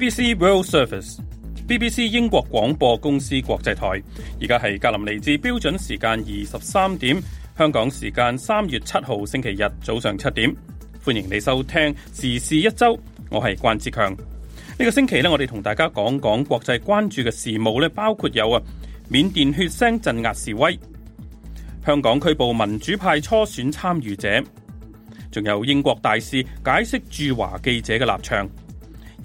BBC World Service，BBC 英國廣播公司國際台，而家係格林尼治標準時間二十三點，香港時間三月七號星期日早上七點，歡迎你收聽時事一周。我係關志強。呢個星期咧，我哋同大家講講國際關注嘅事務咧，包括有啊緬甸血腥鎮壓示威，香港拘捕民主派初選參與者，仲有英國大使解釋駐華記者嘅立場。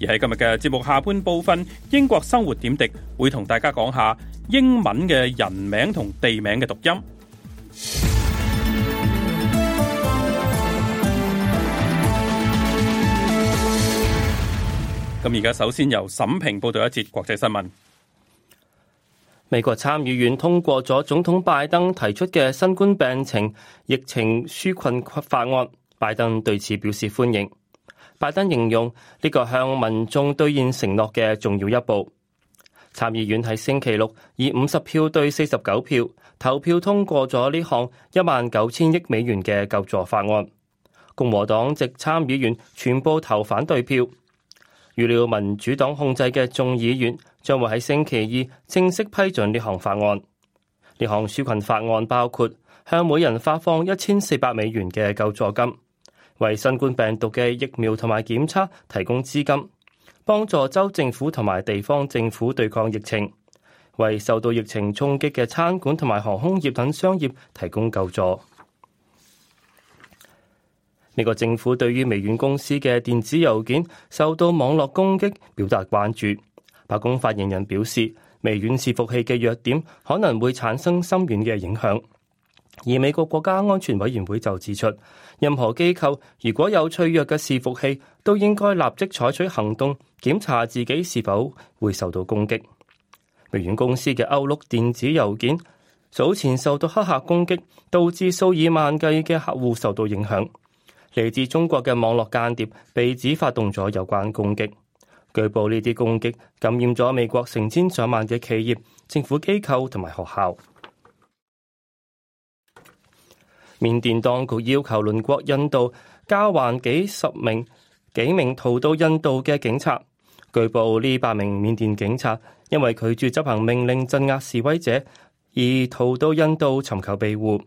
而喺今日嘅節目下半部分，英國生活點滴會同大家講下英文嘅人名同地名嘅讀音。咁而家首先由沈平報道一節國際新聞。美國參議院通過咗總統拜登提出嘅新冠病情疫情紓困法案，拜登對此表示歡迎。拜登形容呢個向民眾兌現承諾嘅重要一步。參議院喺星期六以五十票對四十九票投票通過咗呢項一萬九千億美元嘅救助法案。共和黨籍參議員全部投反對票。預料民主黨控制嘅眾議院將會喺星期二正式批准呢項法案。呢項紓困法案包括向每人發放一千四百美元嘅救助金。為新冠病毒嘅疫苗同埋檢測提供資金，幫助州政府同埋地方政府對抗疫情，為受到疫情衝擊嘅餐館同埋航空業等商業提供救助。美國政府對於微軟公司嘅電子郵件受到網絡攻擊表達關注。白宮發言人表示，微軟伺服器嘅弱點可能會產生深遠嘅影響。而美國國家安全委員會就指出，任何機構如果有脆弱嘅伺服器，都應該立即採取行動，檢查自己是否會受到攻擊。微軟公司嘅 Outlook 電子郵件早前受到黑客攻擊，導致數以萬計嘅客戶受到影響。嚟自中國嘅網絡間諜被指發動咗有關攻擊，據報呢啲攻擊感染咗美國成千上萬嘅企業、政府機構同埋學校。緬甸當局要求鄰國印度交還幾十名幾名逃到印度嘅警察。據報，呢八名緬甸警察因為拒絕執行命令鎮壓示威者，而逃到印度尋求庇護。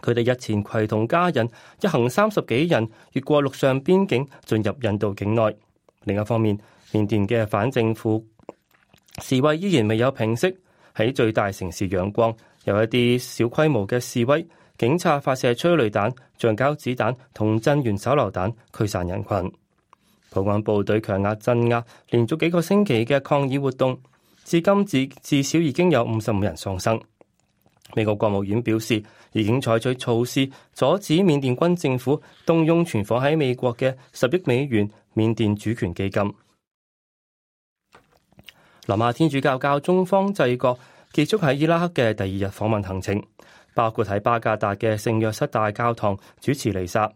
佢哋日前攜同家人一行三十幾人，越過陸上邊境進入印度境內。另一方面，緬甸嘅反政府示威依然未有平息，喺最大城市仰光，有一啲小規模嘅示威。警察發射催淚彈、橡膠子彈同鎮元手榴彈驅散人群。保安部隊強壓鎮壓，連續幾個星期嘅抗議活動，至今至至少已經有五十五人喪生。美國國務院表示，已經採取措施阻止緬甸軍政府動用存放喺美國嘅十億美元緬甸主權基金。羅馬天主教教宗方濟各結束喺伊拉克嘅第二日訪問行程。包括喺巴格達嘅聖約瑟大教堂主持彌撒，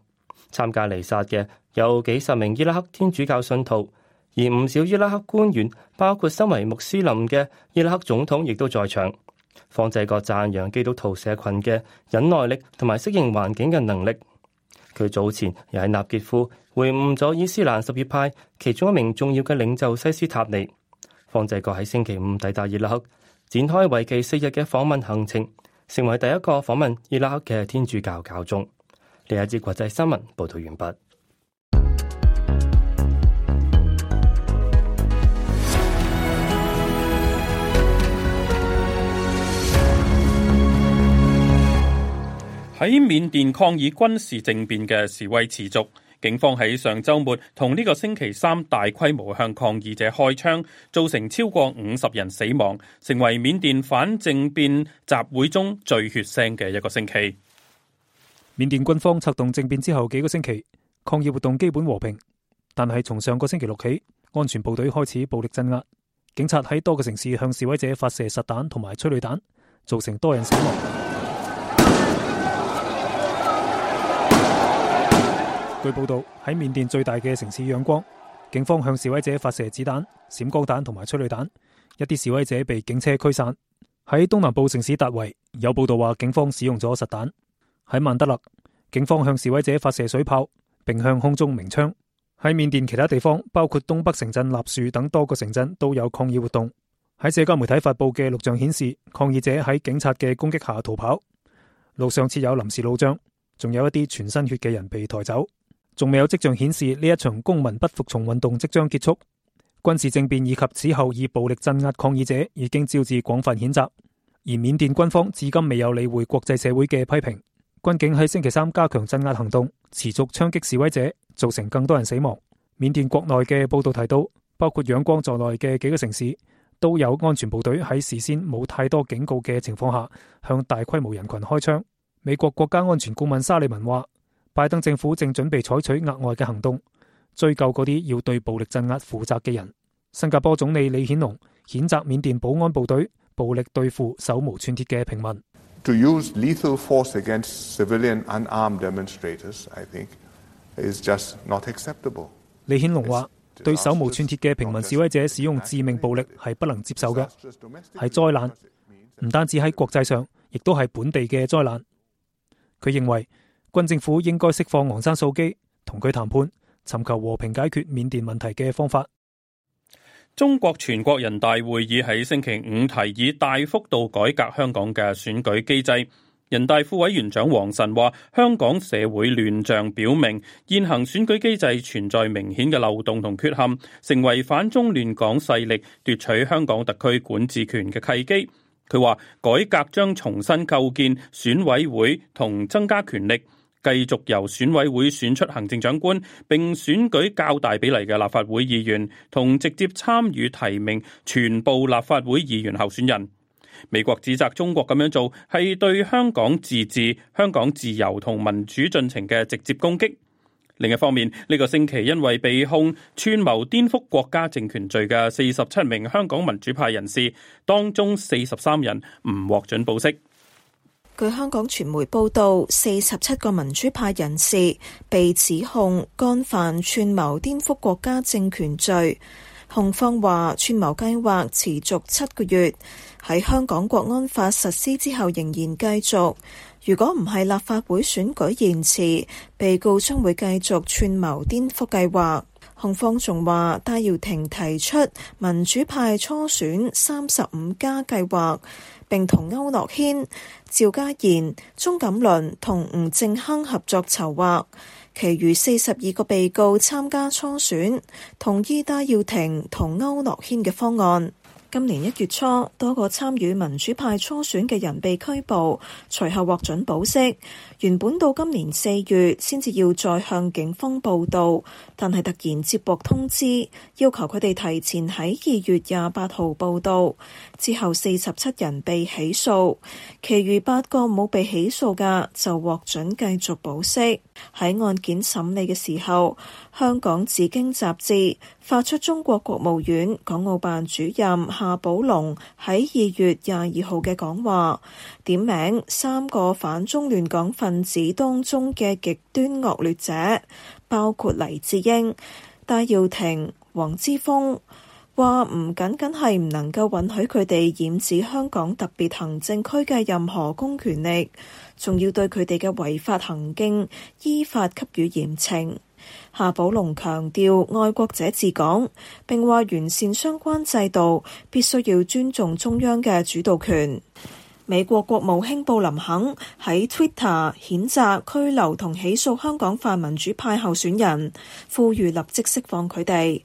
參加彌撒嘅有幾十名伊拉克天主教信徒，而唔少伊拉克官員，包括身為穆斯林嘅伊拉克總統，亦都在場，方濟各讚揚基督徒社群嘅忍耐力同埋適應環境嘅能力。佢早前又喺納傑夫會晤咗伊斯蘭什葉派其中一名重要嘅領袖西斯塔尼，方濟各喺星期五抵達伊拉克，展開為期四日嘅訪問行程。成為第一個訪問伊拉克嘅天主教教宗。呢一節國際新聞報道完畢。喺緬甸抗議軍事政變嘅示威持續。警方喺上周末同呢個星期三大規模向抗議者開槍，造成超過五十人死亡，成為緬甸反政變集會中最血腥嘅一個星期。緬甸軍方策動政變之後幾個星期，抗議活動基本和平，但係從上個星期六起，安全部隊開始暴力鎮壓。警察喺多個城市向示威者發射實彈同埋催淚彈，造成多人死亡。據報道，喺緬甸最大嘅城市仰光，警方向示威者發射子彈、閃光彈同埋催淚彈，一啲示威者被警車驅散。喺東南部城市達維，有報道話警方使用咗實彈。喺曼德勒，警方向示威者發射水炮，並向空中鳴槍。喺緬甸其他地方，包括東北城鎮納樹等多個城鎮都有抗議活動。喺社交媒體發布嘅錄像顯示，抗議者喺警察嘅攻擊下逃跑，路上設有臨時路障，仲有一啲全身血嘅人被抬走。仲未有跡象顯示呢一場公民不服從運動即將結束，軍事政變以及此後以暴力鎮壓抗議者已經招致廣泛譴責，而緬甸軍方至今未有理會國際社會嘅批評。軍警喺星期三加強鎮壓行動，持續槍擊示威者，造成更多人死亡。緬甸國內嘅報道提到，包括仰光在內嘅幾個城市都有安全部隊喺事先冇太多警告嘅情況下向大規模人群開槍。美國國家安全顧問沙利文話。拜登政府正準備採取額外嘅行動，追究嗰啲要對暴力鎮壓負責嘅人。新加坡總理李顯龍譴責緬甸保安部隊暴力對付手無寸鐵嘅平民。李顯龍話，對手無寸鐵嘅平民示威者使用致命暴力係不能接受嘅，係災難，唔單止喺國際上，亦都係本地嘅災難。佢認為。軍政府應該釋放昂山素姬，同佢談判，尋求和平解決緬甸問題嘅方法。中國全國人大會議喺星期五提議大幅度改革香港嘅選舉機制。人大副委員長王晨話：香港社會亂象表明，現行選舉機制存在明顯嘅漏洞同缺陷，成為反中亂港勢力奪取香港特區管治權嘅契機。佢話，改革將重新構建選委會同增加權力。繼續由選委會選出行政長官，並選舉較大比例嘅立法會議員，同直接參與提名全部立法會議員候選人。美國指責中國咁樣做係對香港自治、香港自由同民主進程嘅直接攻擊。另一方面，呢個星期因為被控串謀顛覆國家政權罪嘅四十七名香港民主派人士，當中四十三人唔獲准保釋。據香港傳媒報道，四十七個民主派人士被指控干犯串謀顛覆國家政權罪。控方話，串謀計劃持續七個月，喺香港國安法實施之後仍然繼續。如果唔係立法會選舉延遲，被告將會繼續串謀顛覆計劃。控方仲話：戴耀廷提出民主派初選三十五加計劃，並同區諾軒、趙家賢、鍾錦麟同吳政亨合作籌劃，其餘四十二個被告參加初選，同意戴耀廷同區諾軒嘅方案。今年一月初，多個參與民主派初選嘅人被拘捕，隨後獲准保釋。原本到今年四月先至要再向警方報到，但係突然接獲通知，要求佢哋提前喺二月廿八號報到。之後四十七人被起訴，其餘八個冇被起訴㗎就獲准繼續保釋。喺案件審理嘅時候，香港《紫荊》雜誌發出中國國務院港澳辦主任夏寶龍喺二月廿二號嘅講話，點名三個反中亂港分子當中嘅極端惡劣者，包括黎智英、戴耀廷、黃之鋒。話唔僅僅係唔能夠允許佢哋染指香港特別行政區嘅任何公權力，仲要對佢哋嘅違法行徑依法給予嚴懲。夏寶龍強調愛國者治港，並話完善相關制度必須要尊重中央嘅主導權。美國國務卿布林肯喺 Twitter 譴責拘留同起訴香港泛民主派候選人，呼籲立即釋放佢哋。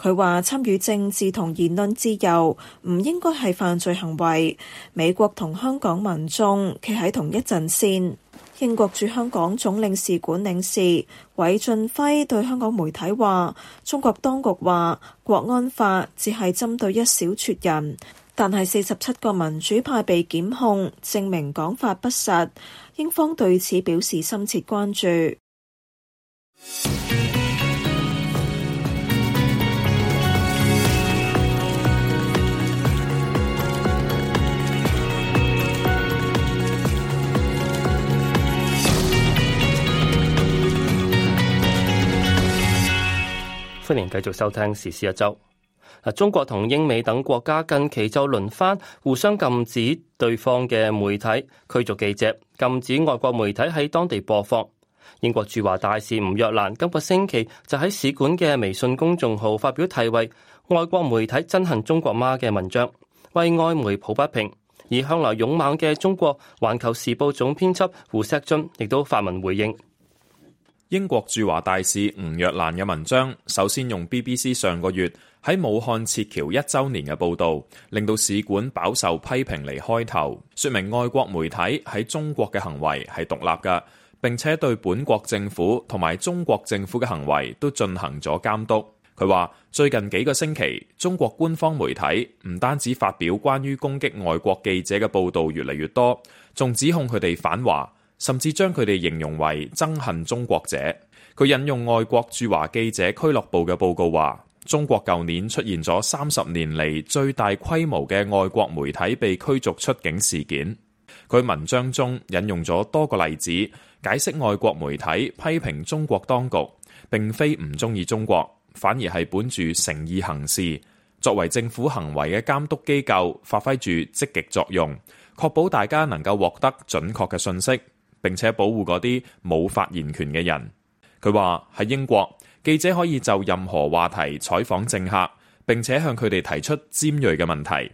佢話：參與政治同言論自由唔應該係犯罪行為。美國同香港民眾企喺同一陣線。英國駐香港總領事館領事韋俊輝對香港媒體話：中國當局話國安法只係針對一小撮人，但係四十七個民主派被檢控，證明講法不實。英方對此表示深切關注。歡迎繼續收聽時事一周。中國同英美等國家近期就輪番互相禁止對方嘅媒體，驅逐記者，禁止外國媒體喺當地播放。英國駐華大使吳若蘭今個星期就喺使館嘅微信公眾號發表題為《外國媒體憎恨中國嗎》嘅文章，為外媒抱不平。而向來勇猛嘅中國環球時報總編輯胡錫進亦都發文回應。英國駐華大使吳若蘭嘅文章，首先用 BBC 上個月喺武漢撤僑一周年嘅報道，令到使館飽受批評嚟開頭，說明外國媒體喺中國嘅行為係獨立嘅，並且對本國政府同埋中國政府嘅行為都進行咗監督。佢話最近幾個星期，中國官方媒體唔單止發表關於攻擊外國記者嘅報道越嚟越多，仲指控佢哋反華。甚至將佢哋形容為憎恨中國者。佢引用外國駐華記者俱樂部嘅報告話，中國舊年出現咗三十年嚟最大規模嘅外國媒體被驅逐出境事件。佢文章中引用咗多個例子，解釋外國媒體批評中國當局，並非唔中意中國，反而係本住誠意行事，作為政府行為嘅監督機構，發揮住積極作用，確保大家能夠獲得準確嘅信息。並且保護嗰啲冇發言權嘅人。佢話：喺英國，記者可以就任何話題採訪政客，並且向佢哋提出尖銳嘅問題。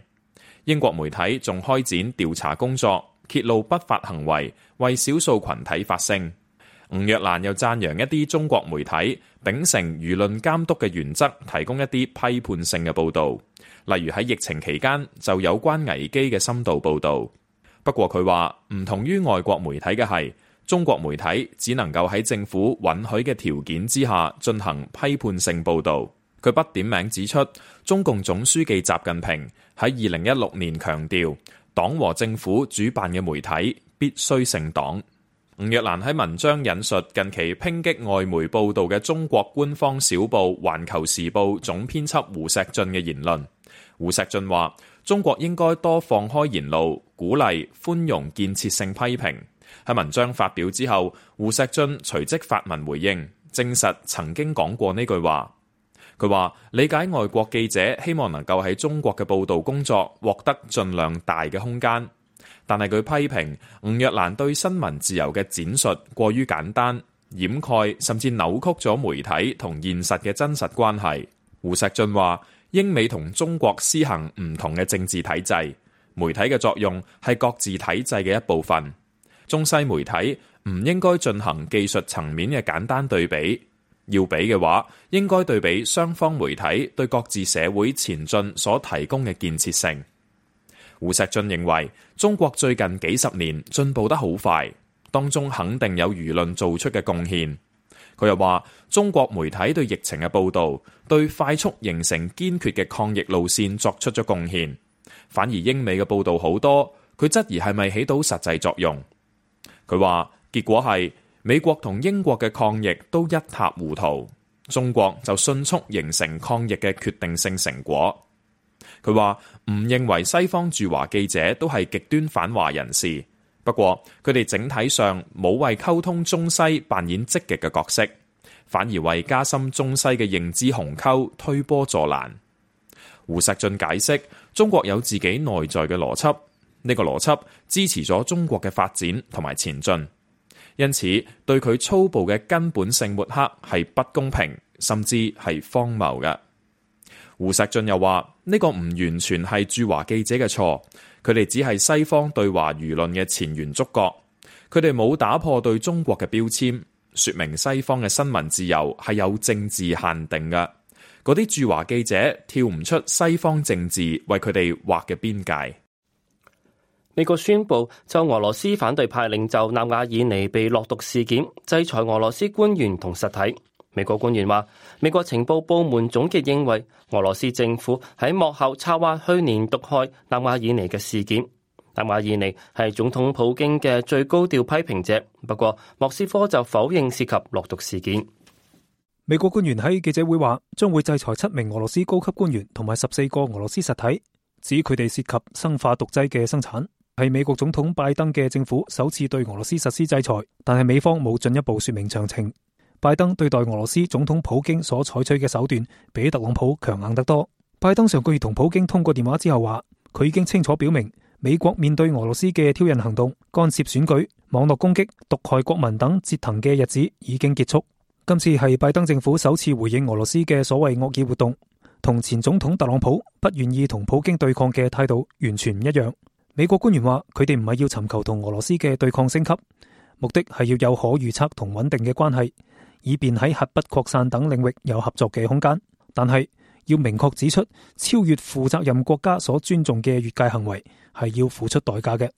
英國媒體仲開展調查工作，揭露不法行為，為少數群體發聲。吳若蘭又讚揚一啲中國媒體秉承輿論監督嘅原則，提供一啲批判性嘅報導，例如喺疫情期間就有關危機嘅深度報導。不過佢話，唔同於外國媒體嘅係中國媒體，只能夠喺政府允許嘅條件之下進行批判性報導。佢不點名指出，中共總書記習近平喺二零一六年強調，黨和政府主辦嘅媒體必須姓黨。吳若蘭喺文章引述近期抨擊外媒報導嘅中國官方小報《環球時報》總編輯胡錫進嘅言論。胡錫進話。中國應該多放開言路，鼓勵寬容建設性批評。喺文章發表之後，胡錫進隨即發文回應，證實曾經講過呢句話。佢話：理解外國記者希望能夠喺中國嘅報道工作獲得盡量大嘅空間，但係佢批評吳若蘭對新聞自由嘅展述過於簡單，掩蓋甚至扭曲咗媒體同現實嘅真實關係。胡錫進話。英美同中國施行唔同嘅政治體制，媒體嘅作用係各自體制嘅一部分。中西媒體唔應該進行技術層面嘅簡單對比，要比嘅話，應該對比雙方媒體對各自社會前進所提供嘅建設性。胡錫進認為，中國最近幾十年進步得好快，當中肯定有輿論做出嘅貢獻。佢又話：中國媒體對疫情嘅報道，對快速形成堅決嘅抗疫路線作出咗貢獻。反而英美嘅報道好多，佢質疑係咪起到實際作用？佢話結果係美國同英國嘅抗疫都一塌糊塗，中國就迅速形成抗疫嘅決定性成果。佢話唔認為西方駐華記者都係極端反華人士。不過佢哋整體上冇為溝通中西扮演積極嘅角色，反而為加深中西嘅認知鴻溝推波助瀾。胡錫進解釋：中國有自己內在嘅邏輯，呢個邏輯支持咗中國嘅發展同埋前進，因此對佢粗暴嘅根本性抹黑係不公平，甚至係荒謬嘅。胡錫進又話：呢個唔完全係駐華記者嘅錯。佢哋只係西方對華輿論嘅前沿觸角，佢哋冇打破對中國嘅標籤，説明西方嘅新聞自由係有政治限定嘅。嗰啲駐華記者跳唔出西方政治為佢哋畫嘅邊界。美國宣布就俄羅斯反對派領袖納瓦爾尼被落毒事件，制裁俄羅斯官員同實體。美國官員話，美國情報部門總結認為，俄羅斯政府喺幕後策劃去年毒害納瓦爾尼嘅事件。納瓦爾尼係總統普京嘅最高調批評者，不過莫斯科就否認涉及落毒事件。美國官員喺記者會話，將會制裁七名俄羅斯高級官員同埋十四個俄羅斯實體，指佢哋涉及生化毒劑嘅生產。係美國總統拜登嘅政府首次對俄羅斯實施制裁，但係美方冇進一步說明詳情。拜登對待俄羅斯總統普京所採取嘅手段，比特朗普強硬得多。拜登上個月同普京通過電話之後，話佢已經清楚表明，美國面對俄羅斯嘅挑釁行動、干涉選舉、網絡攻擊、毒害國民等折騰嘅日子已經結束。今次係拜登政府首次回應俄羅斯嘅所謂惡意活動，同前總統特朗普不願意同普京對抗嘅態度完全唔一樣。美國官員話，佢哋唔係要尋求同俄羅斯嘅對抗升級，目的係要有可預測同穩定嘅關係。以便喺核不擴散等領域有合作嘅空間，但係要明確指出，超越負責任國家所尊重嘅越界行為係要付出代價嘅。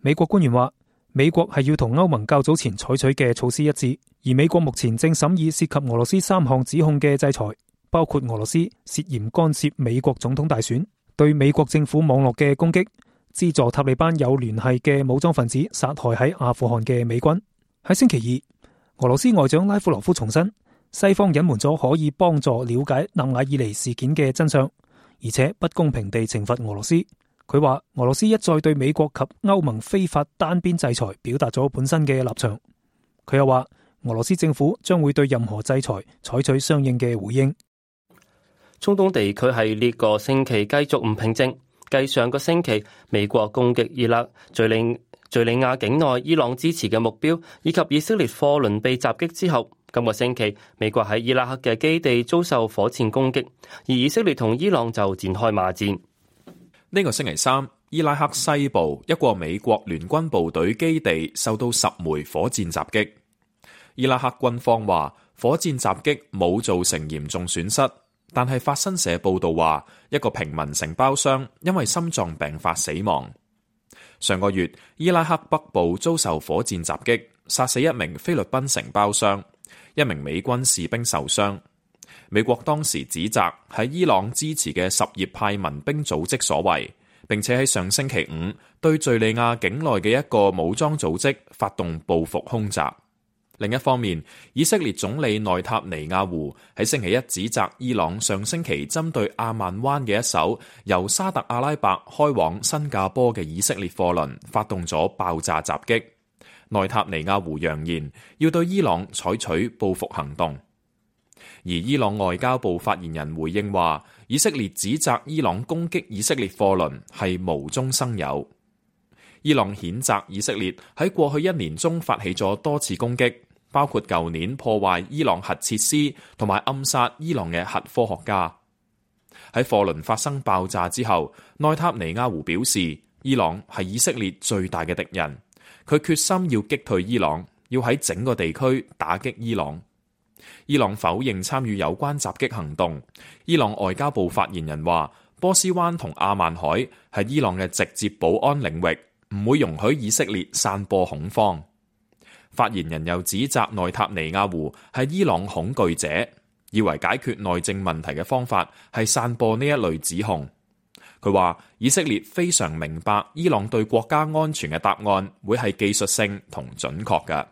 美國官員話，美國係要同歐盟較早前採取嘅措施一致，而美國目前正審議涉及俄羅斯三項指控嘅制裁，包括俄羅斯涉嫌干涉美國總統大選、對美國政府網絡嘅攻擊、資助塔利班有聯繫嘅武裝分子殺害喺阿富汗嘅美軍。喺星期二。俄羅斯外長拉夫羅夫重申，西方隱瞞咗可以幫助了解納瓦爾尼事件嘅真相，而且不公平地懲罰俄羅斯。佢話俄羅斯一再對美國及歐盟非法單邊制裁表達咗本身嘅立場。佢又話俄羅斯政府將會對任何制裁採取相應嘅回應。中東地區係呢個星期繼續唔平靜，繼上個星期美國攻擊伊拉克，最令。敘利亞境內伊朗支持嘅目標，以及以色列貨輪被襲擊之後，今個星期美國喺伊拉克嘅基地遭受火箭攻擊，而以色列同伊朗就展開罵戰。呢個星期三，伊拉克西部一個美國聯軍部隊基地受到十枚火箭襲擊。伊拉克軍方話火箭襲擊冇造成嚴重損失，但係法新社報道話一個平民承包商因為心臟病發死亡。上個月，伊拉克北部遭受火箭襲擊，殺死一名菲律賓承包商，一名美軍士兵受傷。美國當時指責喺伊朗支持嘅什葉派民兵組織所為，並且喺上星期五對敍利亞境內嘅一個武裝組織發動報復空襲。另一方面，以色列總理內塔尼亞胡喺星期一指責伊朗上星期針對阿曼灣嘅一艘由沙特阿拉伯開往新加坡嘅以色列貨輪發動咗爆炸襲擊。內塔尼亞胡揚言要對伊朗採取報復行動。而伊朗外交部發言人回應話：以色列指責伊朗攻擊以色列貨輪係無中生有。伊朗譴責以色列喺過去一年中發起咗多次攻擊。包括舊年破壞伊朗核設施同埋暗殺伊朗嘅核科學家。喺貨輪發生爆炸之後，內塔尼亞胡表示，伊朗係以色列最大嘅敵人，佢決心要擊退伊朗，要喺整個地區打擊伊朗。伊朗否認參與有關襲擊行動。伊朗外交部發言人話：波斯灣同阿曼海係伊朗嘅直接保安領域，唔會容許以色列散播恐慌。發言人又指責內塔尼亞胡係伊朗恐懼者，以為解決內政問題嘅方法係散播呢一類指控。佢話以色列非常明白，伊朗對國家安全嘅答案會係技術性同準確嘅。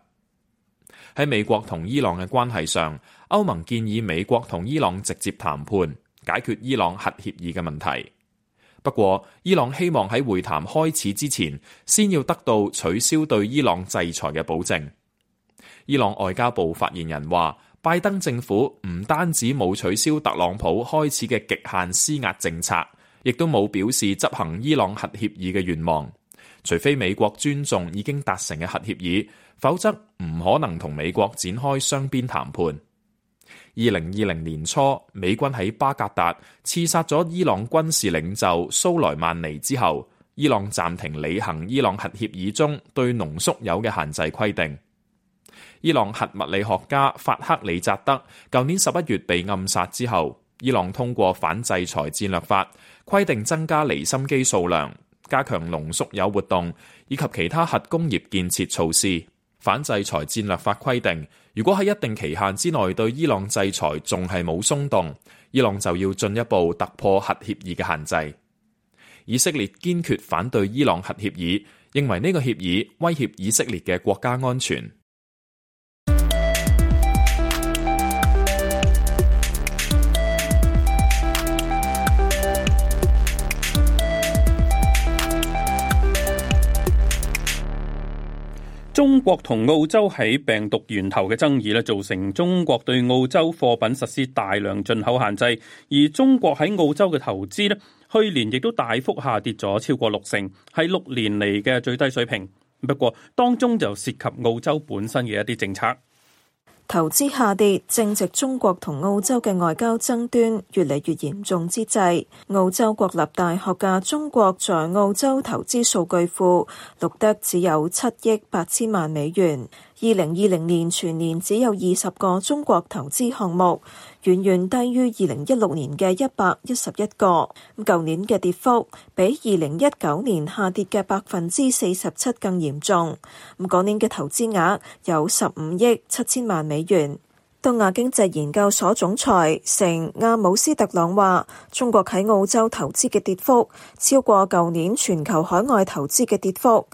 喺美國同伊朗嘅關係上，歐盟建議美國同伊朗直接談判，解決伊朗核協議嘅問題。不過，伊朗希望喺會談開始之前，先要得到取消對伊朗制裁嘅保證。伊朗外交部發言人話，拜登政府唔單止冇取消特朗普開始嘅極限施壓政策，亦都冇表示執行伊朗核協議嘅願望。除非美國尊重已經達成嘅核協議，否則唔可能同美國展開雙邊談判。二零二零年初，美軍喺巴格達刺殺咗伊朗軍事領袖蘇萊曼尼之後，伊朗暫停履行伊朗核協議中對濃縮鈾嘅限制規定。伊朗核物理學家法克里扎德舊年十一月被暗殺之後，伊朗通過反制裁戰略法，規定增加離心機數量、加強濃縮鈾活動以及其他核工業建設措施。反制裁戰略法規定，如果喺一定期限之內對伊朗制裁仲係冇鬆動，伊朗就要進一步突破核協議嘅限制。以色列堅決反對伊朗核協議，認為呢個協議威脅以色列嘅國家安全。中國同澳洲喺病毒源頭嘅爭議咧，造成中國對澳洲貨品實施大量進口限制，而中國喺澳洲嘅投資咧，去年亦都大幅下跌咗超過六成，係六年嚟嘅最低水平。不過當中就涉及澳洲本身嘅一啲政策。投資下跌，正值中國同澳洲嘅外交爭端越嚟越嚴重之際，澳洲國立大學嘅中國在澳洲投資數據庫錄得只有七億八千萬美元，二零二零年全年只有二十個中國投資項目。遠遠低於二零一六年嘅一百一十一個咁，舊年嘅跌幅比二零一九年下跌嘅百分之四十七更嚴重。咁嗰年嘅投資額有十五億七千萬美元。東亞經濟研究所總裁成阿姆斯特朗話，中國喺澳洲投資嘅跌幅超過舊年全球海外投資嘅跌幅。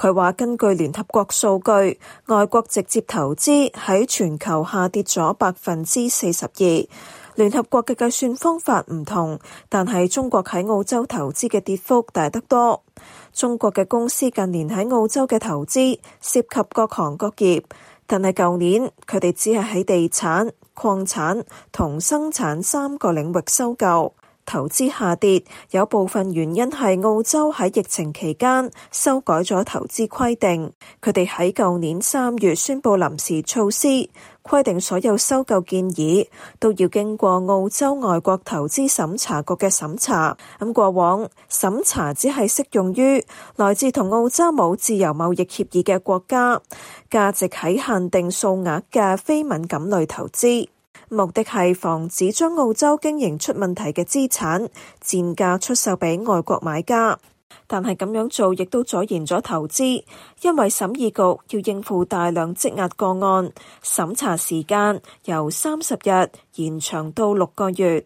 佢話：根據聯合國數據，外國直接投資喺全球下跌咗百分之四十二。聯合國嘅計算方法唔同，但係中國喺澳洲投資嘅跌幅大得多。中國嘅公司近年喺澳洲嘅投資涉及各行各業，但係舊年佢哋只係喺地產、礦產同生產三個領域收購。投資下跌，有部分原因係澳洲喺疫情期間修改咗投資規定。佢哋喺舊年三月宣布臨時措施，規定所有收購建議都要經過澳洲外國投資審查局嘅審查。咁過往審查只係適用於來自同澳洲冇自由貿易協議嘅國家，價值喺限定數額嘅非敏感類投資。目的係防止將澳洲經營出問題嘅資產賤價出售俾外國買家，但係咁樣做亦都阻延咗投資，因為審議局要應付大量積壓個案，審查時間由三十日延長到六個月。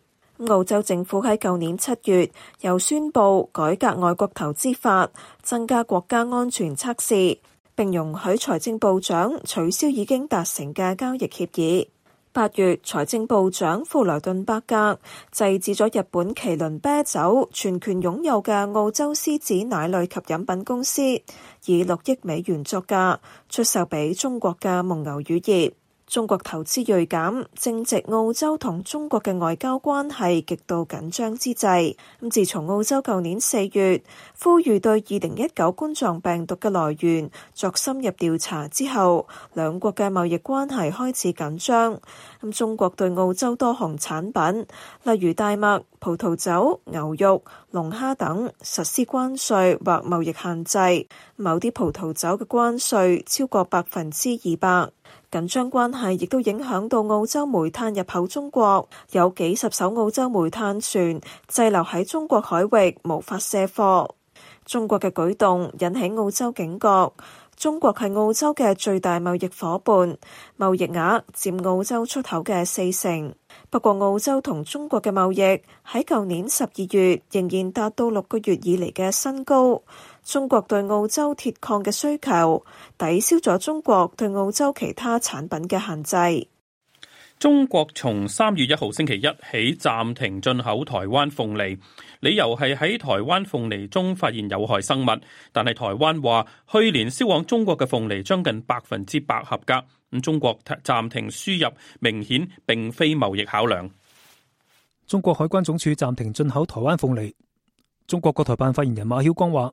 澳洲政府喺舊年七月又宣布改革外國投資法，增加國家安全測試，並容許財政部長取消已經達成嘅交易協議。八月，財政部長富萊頓伯格制止咗日本麒麟啤酒全權擁有嘅澳洲獅子奶類及飲品公司，以六億美元作價出售畀中國嘅蒙牛乳業。中國投資銳減，正值澳洲同中國嘅外交關係極度緊張之際。咁自從澳洲舊年四月呼籲對二零一九冠狀病毒嘅來源作深入調查之後，兩國嘅貿易關係開始緊張。咁中國對澳洲多項產品，例如大麥、葡萄酒、牛肉、龍蝦等，實施關稅或貿易限制。某啲葡萄酒嘅關稅超過百分之二百。緊張關係亦都影響到澳洲煤炭入口中國，有幾十艘澳洲煤炭船滯留喺中國海域，無法卸貨。中國嘅舉動引起澳洲警覺。中國係澳洲嘅最大貿易夥伴，貿易額佔澳洲出口嘅四成。不過澳洲同中國嘅貿易喺舊年十二月仍然達到六個月以嚟嘅新高。中國對澳洲鐵礦嘅需求抵消咗中國對澳洲其他產品嘅限制。中國從三月一號星期一起暫停進口台灣鳳梨，理由係喺台灣鳳梨中發現有害生物。但係台灣話去年銷往中國嘅鳳梨將近百分之百合格，咁中國暫停輸入，明顯並非貿易考量。中國海關總署暫停進口台灣鳳梨。中國國台辦發言人馬曉光話。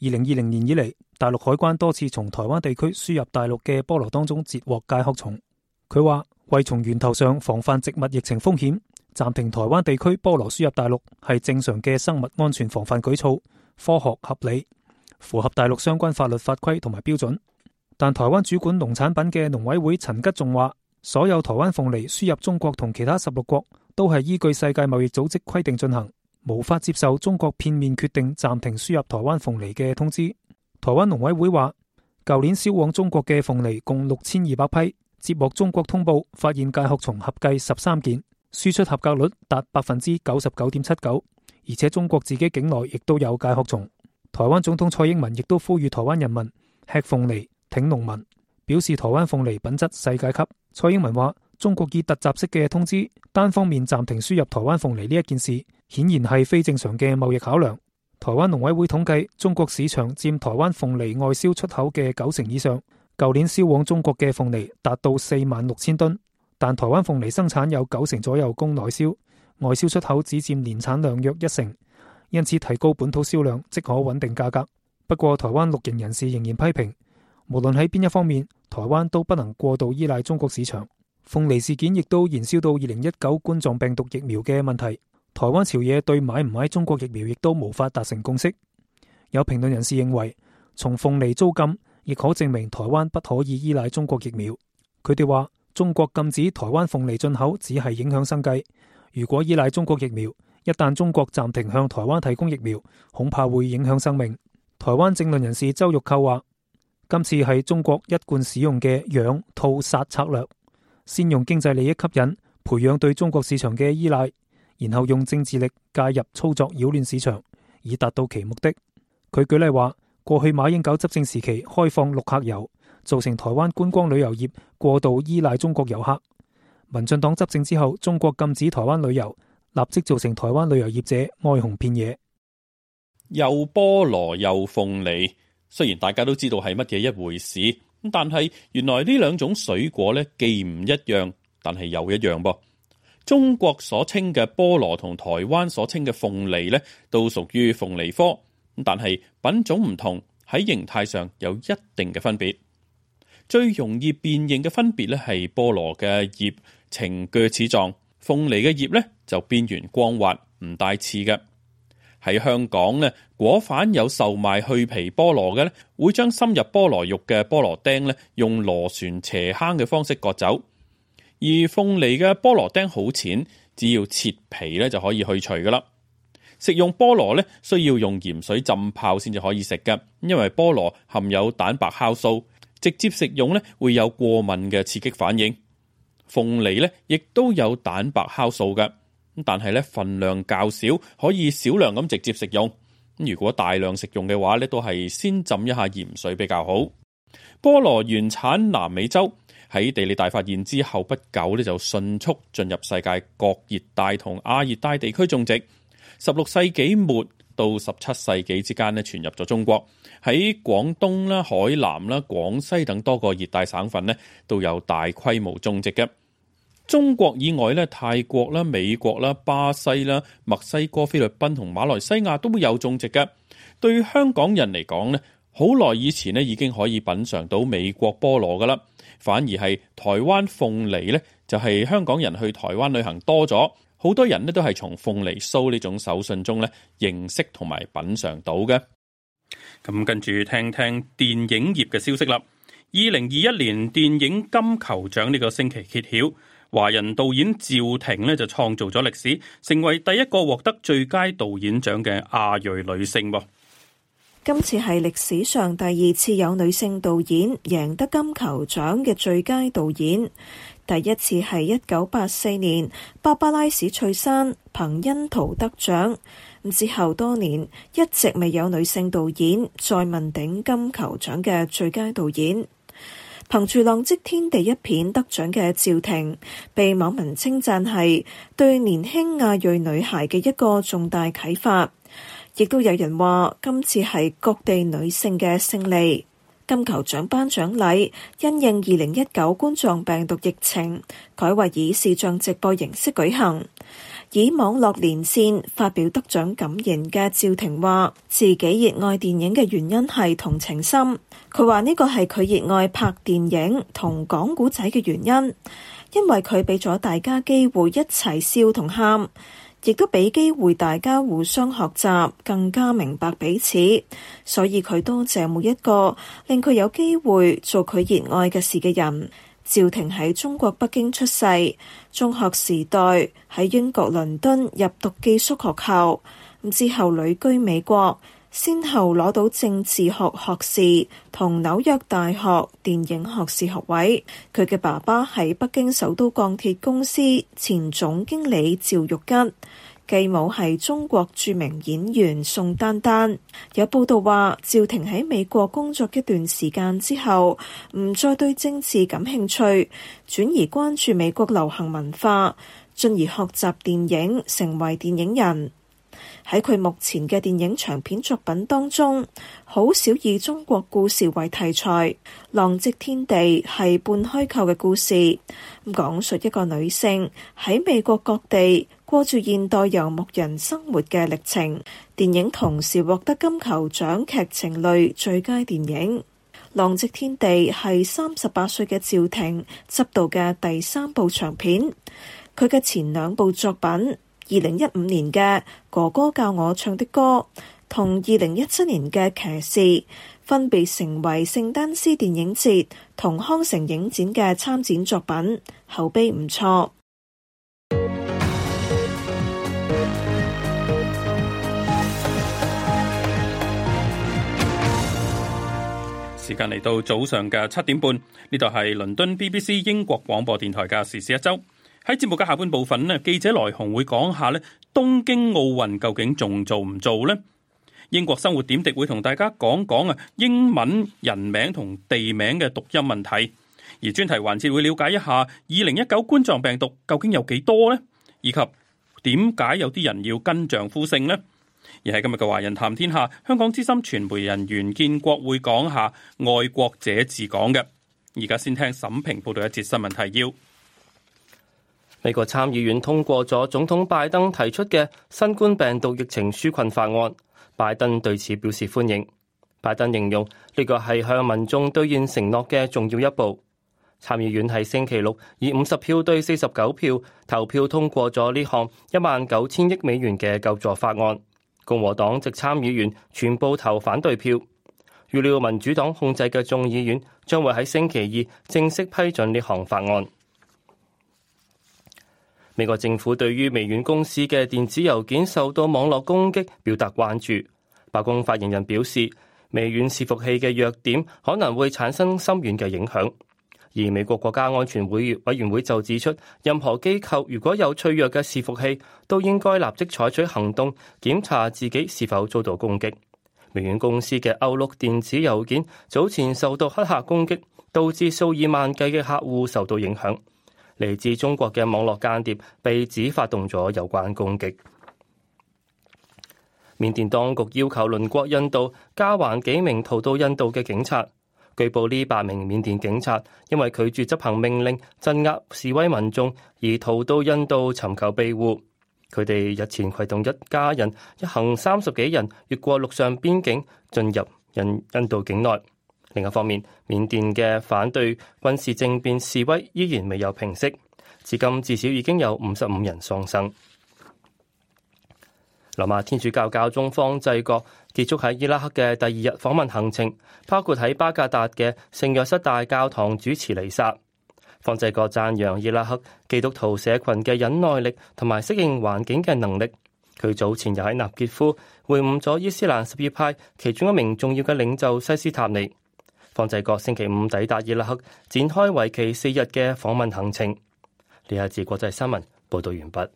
二零二零年以嚟，大陸海關多次從台灣地區輸入大陸嘅菠蘿當中截獲介殼蟲。佢話，為從源頭上防範植物疫情風險，暫停台灣地區菠蘿輸入大陸係正常嘅生物安全防範舉措，科學合理，符合大陸相關法律法規同埋標準。但台灣主管農產品嘅農委會陳吉仲話，所有台灣鳳梨輸入中國同其他十六國都係依據世界貿易組織規定進行。無法接受中國片面決定暫停輸入台灣鳳梨嘅通知。台灣農委會話，舊年銷往中國嘅鳳梨共六千二百批，接獲中國通報發現介殼蟲合計十三件，輸出合格率達百分之九十九點七九。而且中國自己境內亦都有介殼蟲。台灣總統蔡英文亦都呼籲台灣人民吃鳳梨挺農民，表示台灣鳳梨品質世界級。蔡英文話，中國以突襲式嘅通知，單方面暫停輸入台灣鳳梨呢一件事。顯然係非正常嘅貿易考量。台灣農委會統計，中國市場占台灣鳳梨外銷出口嘅九成以上。舊年銷往中國嘅鳳梨達到四萬六千噸，但台灣鳳梨生產有九成左右供內銷，外銷出口只占年產量約一成。因此，提高本土銷量即可穩定價格。不過，台灣綠營人士仍然批評，無論喺邊一方面，台灣都不能過度依賴中國市場。鳳梨事件亦都燃燒到二零一九冠狀病毒疫苗嘅問題。台灣朝野對買唔買中國疫苗亦都無法達成共識。有評論人士認為，從鳳梨租金亦可證明台灣不可以依賴中國疫苗。佢哋話，中國禁止台灣鳳梨進口只係影響生計。如果依賴中國疫苗，一旦中國暫停向台灣提供疫苗，恐怕會影響生命。台灣政論人士周玉蔻話，今次係中國一貫使用嘅養套殺策略，先用經濟利益吸引，培養對中國市場嘅依賴。然後用政治力介入操作擾亂市場，以達到其目的。佢舉例話，過去馬英九執政時期開放陸客遊，造成台灣觀光旅遊業過度依賴中國遊客；民進黨執政之後，中國禁止台灣旅遊，立即造成台灣旅遊業者哀鴻遍野。又菠蘿又鳳梨，雖然大家都知道係乜嘢一回事，但係原來呢兩種水果呢既唔一樣，但係又一樣噃。中國所稱嘅菠蘿同台灣所稱嘅鳳梨咧，都屬於鳳梨科，但係品種唔同，喺形態上有一定嘅分別。最容易辨認嘅分別咧，係菠蘿嘅葉呈鋸齒狀，鳳梨嘅葉咧就邊緣光滑，唔帶刺嘅。喺香港咧，果販有售賣去皮菠蘿嘅咧，會將深入菠蘿肉嘅菠蘿釘咧，用螺旋斜坑嘅方式割走。而鳳梨嘅菠蘿釘好淺，只要切皮咧就可以去除㗎喇。食用菠蘿咧，需要用鹽水浸泡先至可以食嘅，因為菠蘿含有蛋白酵素，直接食用咧會有過敏嘅刺激反應。鳳梨咧亦都有蛋白酵素嘅，但係咧份量較少，可以少量咁直接食用。如果大量食用嘅話咧，都係先浸一下鹽水比較好。菠蘿原產南美洲。喺地理大發現之後不久呢就迅速進入世界各熱帶同亞熱帶地區種植。十六世紀末到十七世紀之間呢傳入咗中國喺廣東啦、海南啦、廣西等多個熱帶省份呢都有大規模種植嘅。中國以外咧，泰國啦、美國啦、巴西啦、墨西哥、菲律賓同馬來西亞都會有種植嘅。對香港人嚟講呢好耐以前呢已經可以品嘗到美國菠蘿噶啦。反而係台灣鳳梨呢就係香港人去台灣旅行多咗，好多人呢都係從鳳梨酥呢種手信中呢認識同埋品嚐到嘅。咁跟住聽聽電影業嘅消息啦。二零二一年電影金球獎呢個星期揭曉，華人導演趙婷呢就創造咗歷史，成為第一個獲得最佳導演獎嘅亞裔女性噃。今次係歷史上第二次有女性導演贏得金球獎嘅最佳導演，第一次係一九八四年，芭芭拉史翠珊憑《欣圖》得獎。之後多年一直未有女性導演再問鼎金球獎嘅最佳導演。憑住《浪跡天地》一片得獎嘅趙婷，被網民稱讚係對年輕亞裔女孩嘅一個重大啟發。亦都有人話今次係各地女性嘅勝利。金球獎頒獎禮因應二零一九冠狀病毒疫情，改為以視像直播形式舉行，以網絡連線發表得獎感言嘅趙婷話：自己熱愛電影嘅原因係同情心。佢話呢個係佢熱愛拍電影同講古仔嘅原因，因為佢俾咗大家機會一齊笑同喊。亦都俾機會大家互相學習，更加明白彼此。所以佢多謝每一個令佢有機會做佢熱愛嘅事嘅人。趙婷喺中國北京出世，中學時代喺英國倫敦入讀寄宿學校，之後旅居美國，先後攞到政治學學士同紐約大學電影學士學位。佢嘅爸爸係北京首都鋼鐵公司前總經理趙玉吉，繼母係中國著名演員宋丹丹。有報道話，趙婷喺美國工作一段時間之後，唔再對政治感興趣，轉而關注美國流行文化，進而學習電影，成為電影人。喺佢目前嘅電影長片作品當中，好少以中國故事為題材。《浪跡天地》係半虛構嘅故事，咁講述一個女性喺美國各地過住現代游牧人生活嘅歷程。電影同時獲得金球獎劇情類最佳電影。《浪跡天地》係三十八歲嘅趙婷執導嘅第三部長片，佢嘅前兩部作品。二零一五年嘅哥哥教我唱的歌，同二零一七年嘅騎士，分別成為聖丹斯電影節同康城影展嘅參展作品，口碑唔錯。時間嚟到早上嘅七點半，呢度係倫敦 BBC 英國廣播電台嘅時事一周。喺節目嘅下半部分咧，記者來鴻會講下咧東京奧運究竟仲做唔做咧？英國生活點滴會同大家講講啊英文人名同地名嘅讀音問題，而專題環節會了解一下二零一九冠狀病毒究竟有幾多咧，以及點解有啲人要跟丈夫姓咧？而喺今日嘅華人談天下，香港資深傳媒人袁建國會講下愛國者治港嘅。而家先聽沈平報道一節新聞提要。美國參議院通過咗總統拜登提出嘅新冠病毒疫情紓困法案，拜登對此表示歡迎。拜登形容呢個係向民眾兌現承諾嘅重要一步。參議院喺星期六以五十票對四十九票投票通過咗呢項一萬九千億美元嘅救助法案，共和黨籍參議員全部投反對票。預料民主黨控制嘅眾議院將會喺星期二正式批准呢項法案。美國政府對於微軟公司嘅電子郵件受到網絡攻擊表達關注。白宮發言人表示，微軟伺服器嘅弱點可能會產生深遠嘅影響。而美國國家安全委員會就指出，任何機構如果有脆弱嘅伺服器，都應該立即採取行動檢查自己是否遭到攻擊。微軟公司嘅 Outlook 電子郵件早前受到黑客攻擊，導致數以萬計嘅客戶受到影響。嚟自中國嘅網絡間諜被指發動咗有關攻擊。緬甸當局要求鄰國印度交還幾名逃到印度嘅警察，據報呢八名緬甸警察因為拒絕執行命令鎮壓示威民眾而逃到印度尋求庇護。佢哋日前攜同一家人一行三十幾人越過陸上邊境進入印印度境內。另一方面，緬甸嘅反對軍事政變示威依然未有平息，至今至少已經有五十五人喪生。羅馬天主教教宗方濟各結束喺伊拉克嘅第二日訪問行程，包括喺巴格達嘅聖若瑟大教堂主持彌撒。方濟各讚揚伊拉克基督徒社群嘅忍耐力同埋適應環境嘅能力。佢早前又喺納傑夫會晤咗伊斯蘭什葉派其中一名重要嘅領袖西斯塔尼。方濟各星期五抵達伊拉克，展開為期四日嘅訪問行程。呢一節國際新聞報道完畢。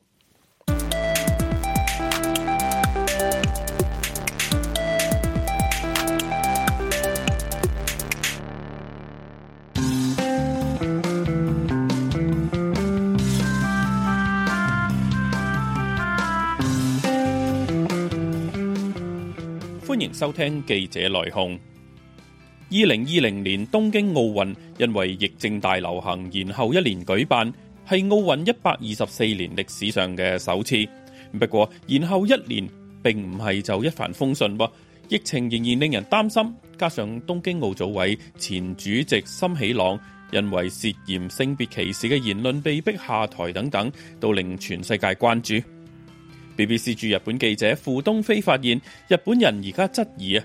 歡迎收聽記者來鴻。二零二零年東京奧運因為疫症大流行，延後一年舉辦，係奧運一百二十四年歷史上嘅首次。不過，延後一年並唔係就一帆風順喎，疫情仍然令人擔心。加上東京奧組委前主席森喜朗因為涉嫌性別歧視嘅言論被逼下台，等等，都令全世界關注。BBC 駐日本記者傅東飛發現，日本人而家質疑啊。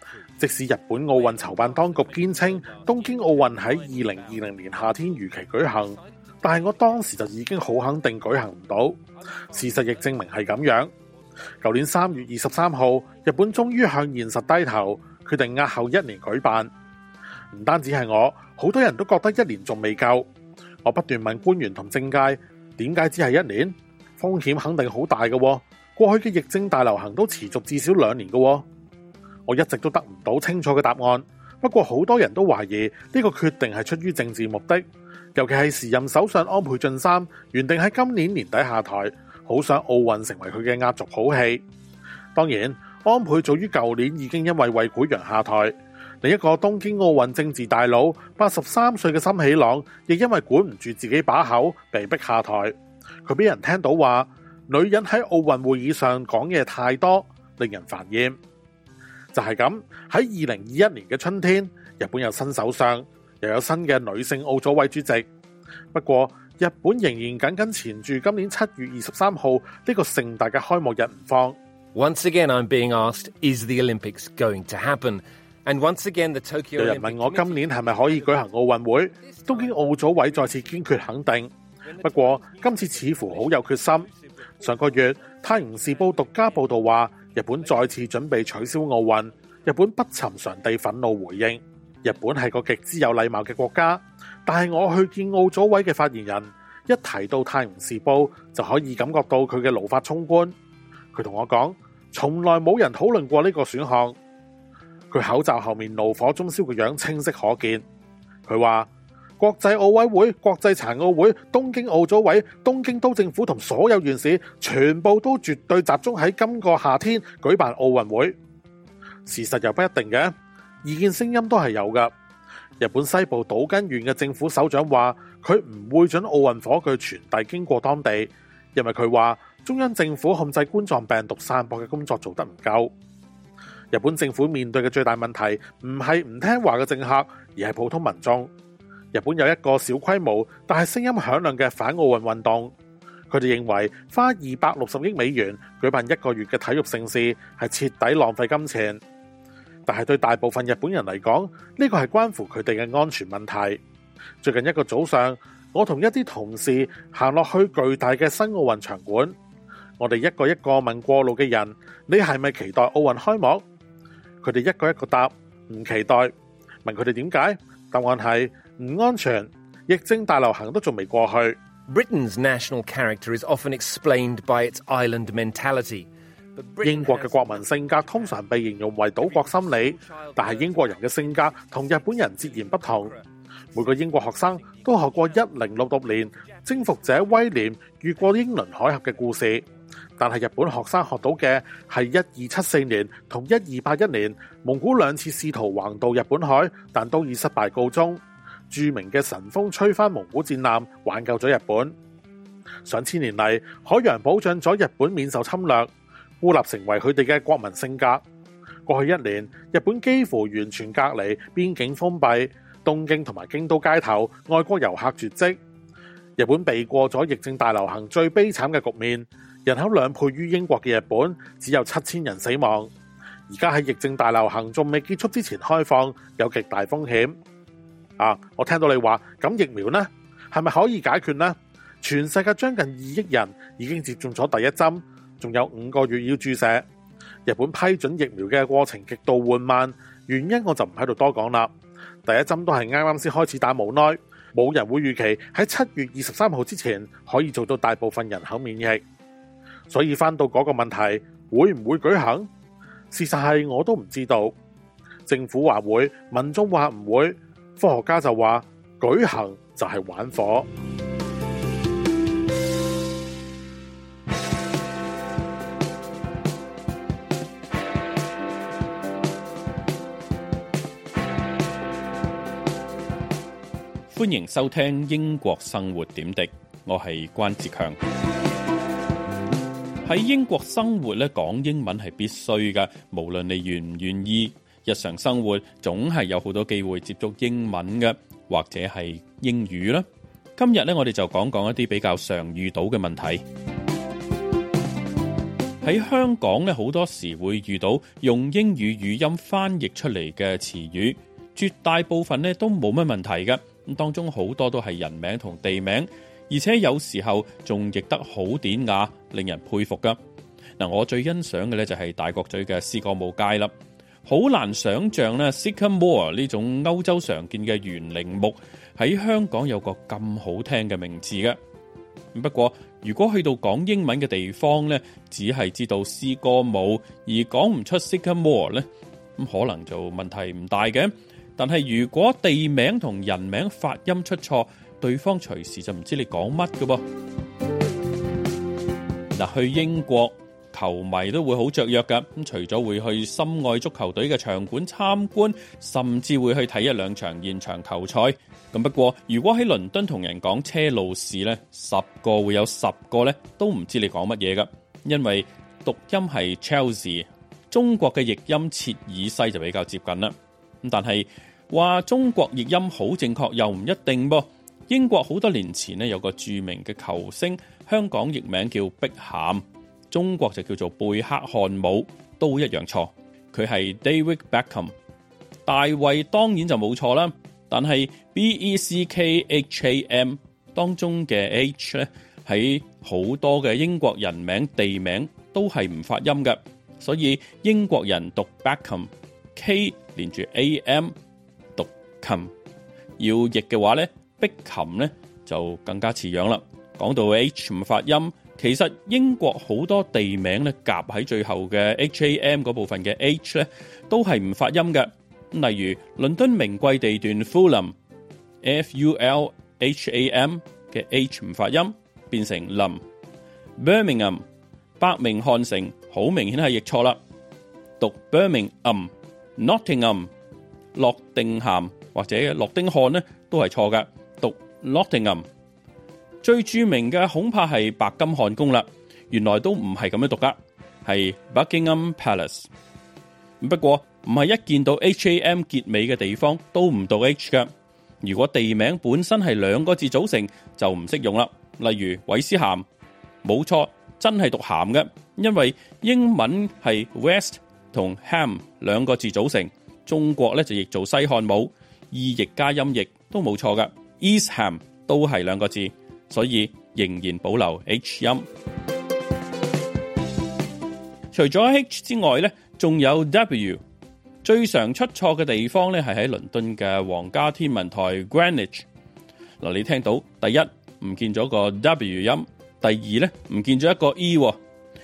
即使日本奧運籌辦當局堅稱東京奧運喺二零二零年夏天如期舉行，但係我當時就已經好肯定舉行唔到。事實亦證明係咁樣。舊年三月二十三號，日本終於向現實低頭，決定押後一年舉辦。唔單止係我，好多人都覺得一年仲未夠。我不斷問官員同政界，點解只係一年？風險肯定好大㗎喎。過去嘅疫症大流行都持續至少兩年㗎喎。我一直都得唔到清楚嘅答案。不過好多人都懷疑呢個決定係出於政治目的。尤其係時任首相安倍晉三原定喺今年年底下台，好想奧運成為佢嘅壓軸好戲。當然，安倍早於舊年已經因為胃潰瘍下台。另一個東京奧運政治大佬八十三歲嘅森喜朗，亦因為管唔住自己把口，被逼下台。佢俾人聽到話，女人喺奧運會議上講嘢太多，令人煩厭。就係咁，喺二零二一年嘅春天，日本有新首相，又有新嘅女性奧組委主席。不過，日本仍然緊緊纏住今年七月二十三號呢個盛大嘅開幕日唔放。Once again, I'm being asked, is the Olympics going to happen? And once again, the Tokyo 有人問我今年係咪可以舉行奧運會？東京奧組委再次堅決肯定。不過，今次似乎好有決心。上個月，《泰晤士報》獨家報道話。日本再次準備取消奧運，日本不尋常地憤怒回應。日本係個極之有禮貌嘅國家，但係我去見奧組委嘅發言人，一提到《泰晤士報》，就可以感覺到佢嘅怒髮衝冠。佢同我講，從來冇人討論過呢個選項。佢口罩後面怒火中燒嘅樣清晰可見。佢話：國際奧委會、國際殘奧會、東京奧組委、東京都政府同所有縣市，全部都絕對集中喺今個夏天舉辦奧運會。事實又不一定嘅，意見聲音都係有㗎。日本西部島根縣嘅政府首長話：佢唔會准奧運火炬傳遞經過當地，因為佢話中央政府控制冠狀病毒散播嘅工作做得唔夠。日本政府面對嘅最大問題，唔係唔聽話嘅政客，而係普通民眾。日本有一個小規模但係聲音響亮嘅反奧運運動，佢哋認為花二百六十億美元舉辦一個月嘅體育盛事係徹底浪費金錢。但係對大部分日本人嚟講，呢個係關乎佢哋嘅安全問題。最近一個早上，我同一啲同事行落去巨大嘅新奧運場館，我哋一個一個問過路嘅人：你係咪期待奧運開幕？佢哋一個一個答唔期待，問佢哋點解？答案係：唔安全，疫症大流行都仲未過去。Britain's national character is often explained by its island mentality，英國嘅國民性格通常被形容為島國心理。但係英國人嘅性格同日本人截然不同。每個英國學生都學過一零六六年征服者威廉越過英倫海峽嘅故事，但係日本學生學到嘅係一二七四年同一二八一年蒙古兩次試圖橫渡日本海，但都以失敗告終。著名嘅神風吹翻蒙古戰艦，挽救咗日本。上千年嚟，海洋保障咗日本免受侵略，孤立成為佢哋嘅國民性格。過去一年，日本幾乎完全隔離，邊境封閉，東京同埋京都街頭外國遊客絕跡。日本避過咗疫症大流行最悲慘嘅局面，人口兩倍於英國嘅日本只有七千人死亡。而家喺疫症大流行仲未結束之前開放，有極大風險。啊！我聽到你話咁疫苗呢，係咪可以解決呢？全世界將近二億人已經接種咗第一針，仲有五個月要注射。日本批准疫苗嘅過程極度緩慢，原因我就唔喺度多講啦。第一針都係啱啱先開始打，無奈冇人會預期喺七月二十三號之前可以做到大部分人口免疫。所以翻到嗰個問題，會唔會舉行？事實係我都唔知道，政府話會，民眾話唔會。科學家就話舉行就係玩火。歡迎收聽英國生活點滴，我係關志強。喺英國生活咧，講英文係必須嘅，無論你願唔願意。日常生活總係有好多機會接觸英文嘅，或者係英語啦。今日咧，我哋就講講一啲比較常遇到嘅問題。喺 香港咧，好多時會遇到用英語語音翻譯出嚟嘅詞語，絕大部分咧都冇乜問題嘅。咁當中好多都係人名同地名，而且有時候仲譯得好典雅，令人佩服嘅。嗱，我最欣賞嘅咧就係大角咀嘅詩歌舞街啦。好難想象呢 Sycamore 呢種歐洲常見嘅圓領木喺香港有個咁好聽嘅名字嘅。不過如果去到講英文嘅地方呢，只係知道詩歌舞，而講唔出 Sycamore 咧，咁可能就問題唔大嘅。但係如果地名同人名發音出錯，對方隨時就唔知你講乜嘅噃。嗱，去英國。球迷都會好雀躍噶咁除咗會去深愛足球隊嘅場館參觀，甚至會去睇一兩場現場球賽。咁不過如果喺倫敦同人講車路士呢，十個會有十個呢都唔知你講乜嘢噶，因為讀音係 Chelsea，中國嘅譯音切爾西就比較接近啦。但係話中國譯音好正確又唔一定噃。英國好多年前呢有個著名嘅球星，香港譯名叫碧咸。中國就叫做貝克漢姆都一樣錯，佢係 David Beckham，大衛當然就冇錯啦。但係 B E C K H A M 當中嘅 H 咧，喺好多嘅英國人名地名都係唔發音嘅，所以英國人讀 Beckham，K 連住 A M 讀琴，要譯嘅話咧，碧琴咧就更加似樣啦。講到 H 唔發音。其實英國好多地名咧，夾喺最後嘅 H A M 嗰部分嘅 H 咧，都係唔發音嘅。例如倫敦名貴地段 Fulham，F U L H A M 嘅 H 唔發音，變成 lum。Birmingham 伯明翰城好明顯係譯錯啦，讀 Birmingham。Nottingham 諾丁咸或者諾丁漢咧都係錯嘅，讀 Nottingham。最著名嘅恐怕係白金漢宮啦。原來都唔係咁樣讀噶，係 Buckingham Palace。不過唔係一見到 h a m 結尾嘅地方都唔讀 h 噶。如果地名本身係兩個字組成，就唔識用啦。例如韋斯咸，冇錯真係讀咸嘅，因為英文係 West 同 Ham 兩個字組成。中國呢就譯做西漢姆，意譯加音譯都冇錯噶。East Ham 都係兩個字。所以仍然保留 H 音。除咗 H 之外咧，仲有 W。最常出錯嘅地方咧，係喺倫敦嘅皇家天文台 Greenwich。嗱，你聽到第一唔見咗個 W 音，第二咧唔見咗一個 E。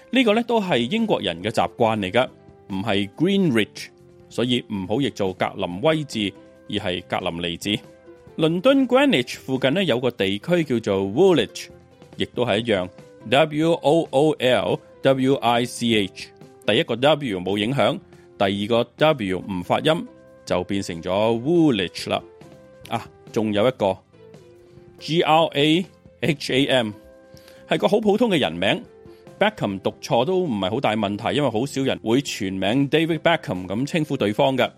呢、這個咧都係英國人嘅習慣嚟㗎，唔係 Greenwich，所以唔好譯做格林威治，而係格林尼治。倫敦 Greenwich 附近咧有個地區叫做 Woolwich，亦都係一樣 W O O L W I C H，第一個 W 冇影響，第二個 W 唔發音，就變成咗 Woolwich 啦。啊，仲有一個 G R A H A M，係個好普通嘅人名，Beckham 讀錯都唔係好大問題，因為好少人會全名 David Beckham 咁稱呼對方嘅，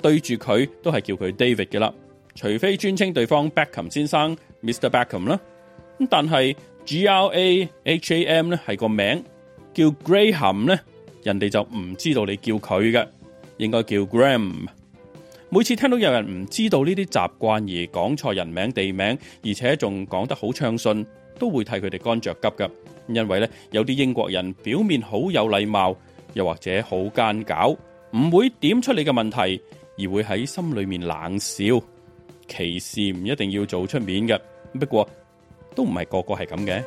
對住佢都係叫佢 David 嘅啦。除非尊稱對方 Beckham 先生，Mr. Beckham 啦。咁但係 Graham 咧係個名叫 Gray 含咧，人哋就唔知道你叫佢嘅，應該叫 Graham。每次聽到有人唔知道呢啲習慣而講錯人名地名，而且仲講得好暢順，都會替佢哋乾着急㗎。因為咧有啲英國人表面好有禮貌，又或者好奸狡，唔會點出你嘅問題，而會喺心裏面冷笑。歧視唔一定要做出面㗎，不過都唔係個個係咁嘅。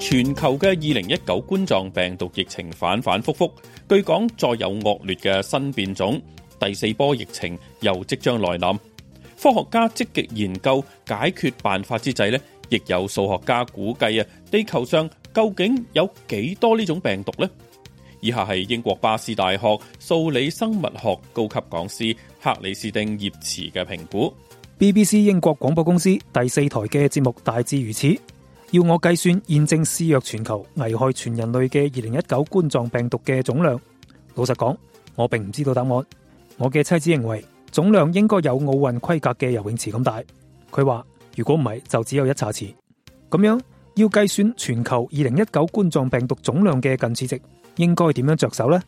全球嘅二零一九冠狀病毒疫情反反復復，據講再有惡劣嘅新變種，第四波疫情又即將來臨。科學家積極研究解決辦法之際呢亦有數學家估計啊，地球上究竟有幾多呢種病毒呢？以下係英國巴斯大學數理生物學高級講師克里斯丁葉慈嘅評估。BBC 英國廣播公司第四台嘅節目大致如此。要我計算現正肆虐全球危害全人類嘅二零一九冠狀病毒嘅總量，老實講，我並唔知道答案。我嘅妻子認為。總量應該有奧運規格嘅游泳池咁大，佢話如果唔係就只有一茶匙。咁樣要計算全球二零一九冠狀病毒總量嘅近似值，應該點樣着手呢？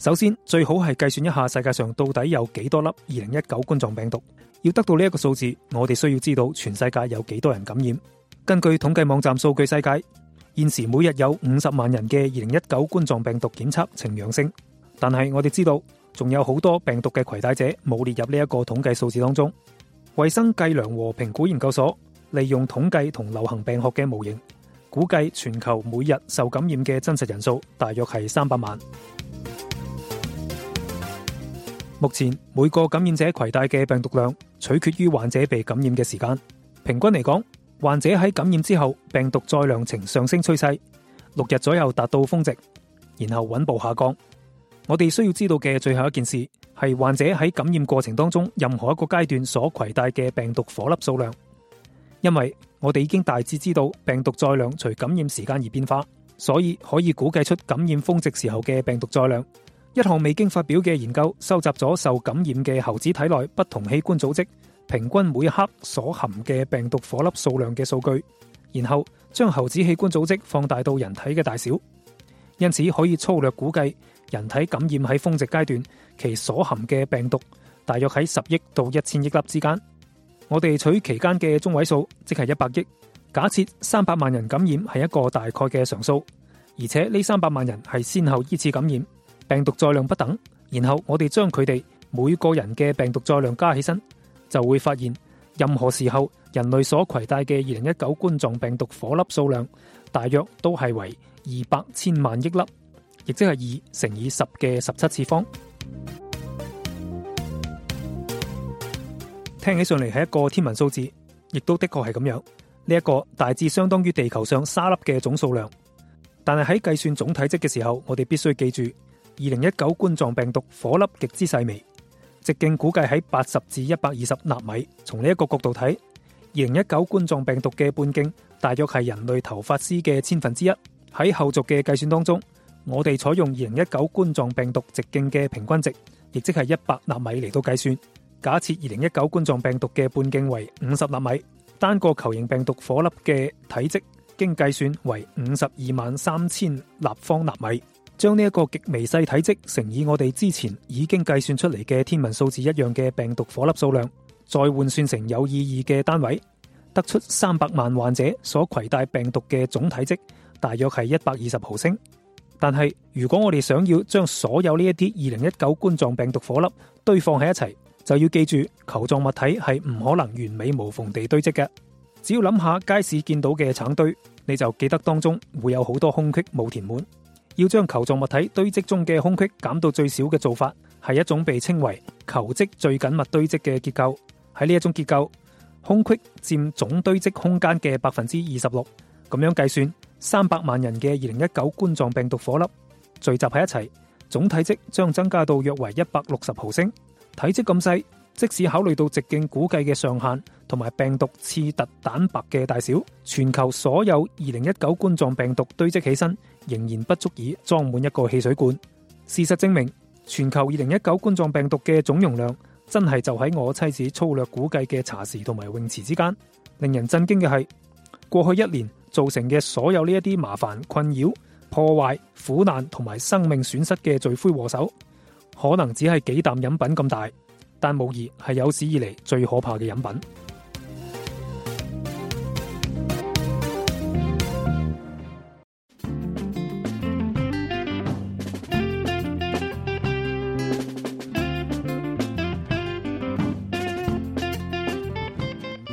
首先最好係計算一下世界上到底有幾多粒二零一九冠狀病毒。要得到呢一個數字，我哋需要知道全世界有幾多人感染。根據統計網站數據世界，現時每日有五十萬人嘅二零一九冠狀病毒檢測呈陽性，但係我哋知道。仲有好多病毒嘅攜帶者冇列入呢一個統計數字當中。衛生計量和評估研究所利用統計同流行病學嘅模型，估計全球每日受感染嘅真實人數大約係三百萬。目前每個感染者攜帶嘅病毒量取決於患者被感染嘅時間。平均嚟講，患者喺感染之後，病毒載量呈上升趨勢，六日左右達到峰值，然後穩步下降。我哋需要知道嘅最後一件事係患者喺感染過程當中任何一個階段所攜帶嘅病毒顆粒數量，因為我哋已經大致知道病毒載量隨感染時間而變化，所以可以估計出感染峰值時候嘅病毒載量。一項未經發表嘅研究收集咗受感染嘅猴子體內不同器官組織平均每一克所含嘅病毒顆粒數量嘅數據，然後將猴子器官組織放大到人體嘅大小，因此可以粗略估計。人體感染喺峰值階段，其所含嘅病毒大約喺十億到一千億粒之間。我哋取期間嘅中位數，即係一百億。假設三百萬人感染係一個大概嘅常數，而且呢三百萬人係先後依次感染，病毒載量不等。然後我哋將佢哋每個人嘅病毒載量加起身，就會發現，任何時候人類所攜帶嘅二零一九冠狀病毒火粒數量，大約都係為二百千萬億粒。亦即係二乘以十嘅十七次方，聽起上嚟係一個天文數字，亦都的確係咁樣。呢一個大致相當於地球上沙粒嘅總數量，但係喺計算總體積嘅時候，我哋必須記住，二零一九冠狀病毒火粒極之細微，直徑估計喺八十至一百二十納米。從呢一個角度睇，二零一九冠狀病毒嘅半徑大約係人類頭髮絲嘅千分之一。喺後續嘅計算當中，我哋採用二零一九冠狀病毒直徑嘅平均值，亦即係一百納米嚟到計算。假設二零一九冠狀病毒嘅半徑為五十納米，單個球形病毒顆粒嘅體積經計算為五十二萬三千立方納米。將呢一個極微細體積乘以我哋之前已經計算出嚟嘅天文數字一樣嘅病毒顆粒數量，再換算成有意義嘅單位，得出三百萬患者所攜帶病毒嘅總體積大約係一百二十毫升。但係，如果我哋想要將所有呢一啲二零一九冠狀病毒火粒堆放喺一齊，就要記住球狀物體係唔可能完美無縫地堆積嘅。只要諗下街市見到嘅橙堆，你就記得當中會有好多空隙冇填滿。要將球狀物體堆積中嘅空隙減到最少嘅做法，係一種被稱為球積最緊密堆積嘅結構。喺呢一種結構，空隙占總堆積空間嘅百分之二十六。咁樣計算。三百萬人嘅二零一九冠狀病毒顆粒聚集喺一齊，總體積將增加到約為一百六十毫升。體積咁細，即使考慮到直徑估計嘅上限，同埋病毒刺突蛋白嘅大小，全球所有二零一九冠狀病毒堆積起身，仍然不足以裝滿一個汽水罐。事實證明，全球二零一九冠狀病毒嘅總容量真係就喺我妻子粗略估計嘅茶匙同埋泳池之間。令人震驚嘅係，過去一年。造成嘅所有呢一啲麻煩、困擾、破壞、苦難同埋生命損失嘅罪魁禍首，可能只係幾啖飲品咁大，但無疑係有史以嚟最可怕嘅飲品。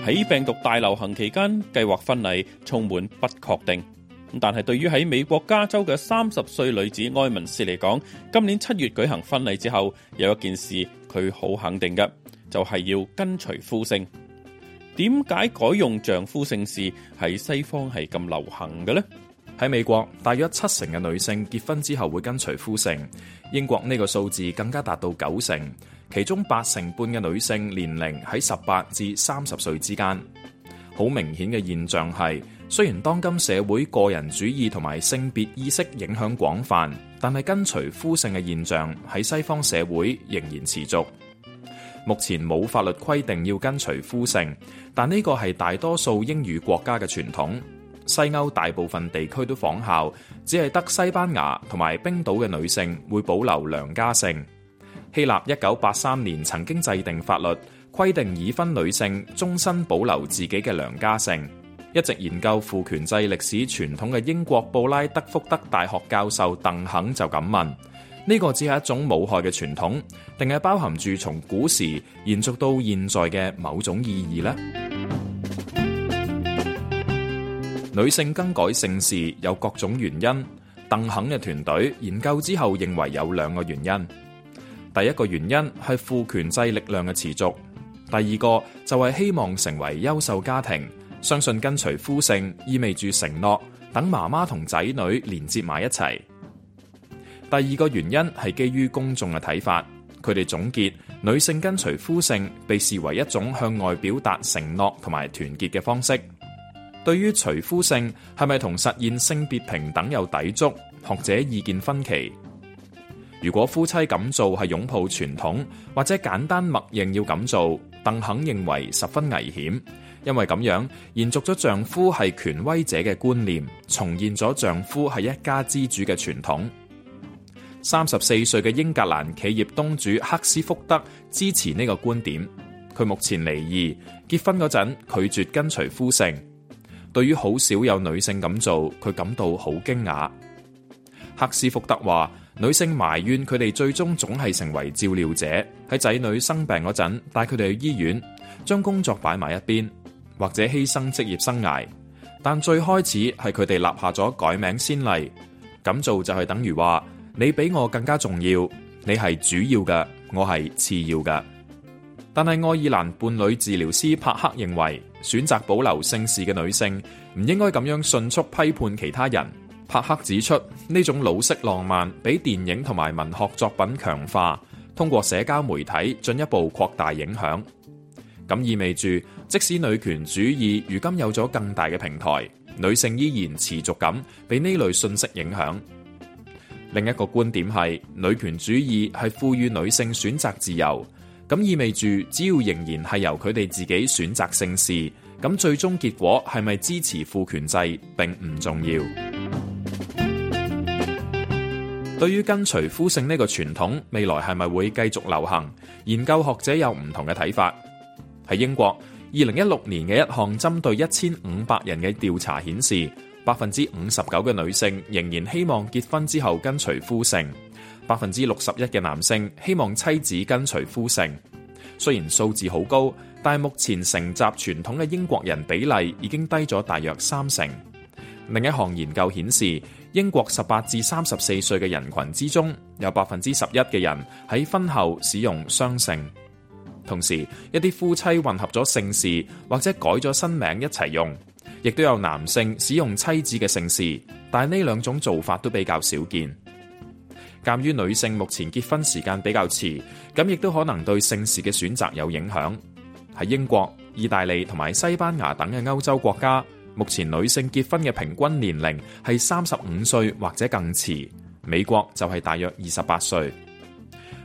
喺病毒大流行期間，計劃婚禮充滿不確定。但係對於喺美國加州嘅三十歲女子埃文斯嚟講，今年七月舉行婚禮之後，有一件事佢好肯定嘅，就係要跟隨夫姓。點解改用丈夫姓氏喺西方係咁流行嘅呢？喺美國，大約七成嘅女性結婚之後會跟隨夫姓；英國呢個數字更加達到九成。其中八成半嘅女性年齡喺十八至三十歲之間，好明顯嘅現象係，雖然當今社會個人主義同埋性別意識影響廣泛，但係跟隨夫姓嘅現象喺西方社會仍然持續。目前冇法律規定要跟隨夫姓，但呢個係大多數英語國家嘅傳統。西歐大部分地區都仿效，只係得西班牙同埋冰島嘅女性會保留娘家姓。希臘一九八三年曾經制定法律，規定已婚女性終身保留自己嘅娘家姓。一直研究父權制歷史傳統嘅英國布拉德福德大學教授鄧肯就咁問：呢個只係一種冇害嘅傳統，定係包含住從古時延續到現在嘅某種意義呢？」 女性更改姓氏有各種原因。鄧肯嘅團隊研究之後認為有兩個原因。第一個原因係父權制力量嘅持續，第二個就係希望成為優秀家庭，相信跟隨夫姓意味住承諾，等媽媽同仔女連接埋一齊。第二個原因係基於公眾嘅睇法，佢哋總結女性跟隨夫姓被視為一種向外表達承諾同埋團結嘅方式。對於隨夫姓係咪同實現性別平等有抵觸，學者意見分歧。如果夫妻咁做係擁抱傳統，或者簡單默認要咁做，鄧肯認為十分危險，因為咁樣延續咗丈夫係權威者嘅觀念，重現咗丈夫係一家之主嘅傳統。三十四歲嘅英格蘭企業東主黑斯福德支持呢個觀點。佢目前離異，結婚嗰陣拒絕跟隨夫姓，對於好少有女性咁做，佢感到好驚訝。黑斯福德話。女性埋怨佢哋最終總係成為照料者，喺仔女生病嗰陣帶佢哋去醫院，將工作擺埋一邊，或者犧牲職業生涯。但最開始係佢哋立下咗改名先例，咁做就係等於話你比我更加重要，你係主要嘅，我係次要嘅。但係愛爾蘭伴侶治療師帕克認為，選擇保留姓氏嘅女性唔應該咁樣迅速批判其他人。帕克指出，呢種老式浪漫俾電影同埋文學作品強化，通過社交媒體進一步擴大影響。咁意味住，即使女權主義如今有咗更大嘅平台，女性依然持續咁俾呢類信息影響。另一個觀點係，女權主義係賦予女性選擇自由，咁意味住，只要仍然係由佢哋自己選擇姓氏，咁最終結果係咪支持父權制，並唔重要。對於跟隨夫姓呢個傳統，未來係咪會繼續流行？研究學者有唔同嘅睇法。喺英國，二零一六年嘅一項針對一千五百人嘅調查顯示，百分之五十九嘅女性仍然希望結婚之後跟隨夫姓，百分之六十一嘅男性希望妻子跟隨夫姓。雖然數字好高，但係目前承襲傳統嘅英國人比例已經低咗大約三成。另一項研究顯示。英國十八至三十四歲嘅人群之中，有百分之十一嘅人喺婚後使用雙姓，同時一啲夫妻混合咗姓氏或者改咗新名一齊用，亦都有男性使用妻子嘅姓氏，但係呢兩種做法都比較少見。鑑於女性目前結婚時間比較遲，咁亦都可能對姓氏嘅選擇有影響。喺英國、意大利同埋西班牙等嘅歐洲國家。目前女性結婚嘅平均年齡係三十五歲或者更遲，美國就係大約二十八歲。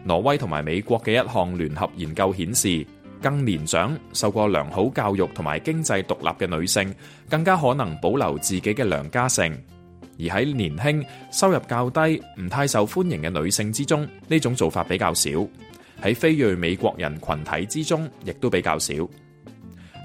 挪威同埋美國嘅一項聯合研究顯示，更年長、受過良好教育同埋經濟獨立嘅女性，更加可能保留自己嘅娘家姓；而喺年輕、收入較低、唔太受歡迎嘅女性之中，呢種做法比較少。喺非裔美國人群體之中，亦都比較少。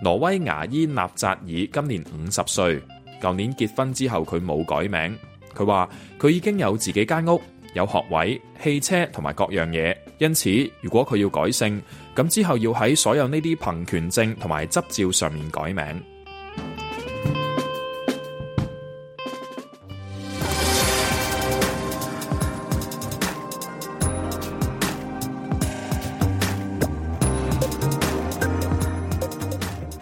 挪威牙醫納扎爾今年五十歲，舊年結婚之後佢冇改名。佢話：佢已經有自己間屋、有學位、汽車同埋各樣嘢，因此如果佢要改姓，咁之後要喺所有呢啲憑權證同埋執照上面改名。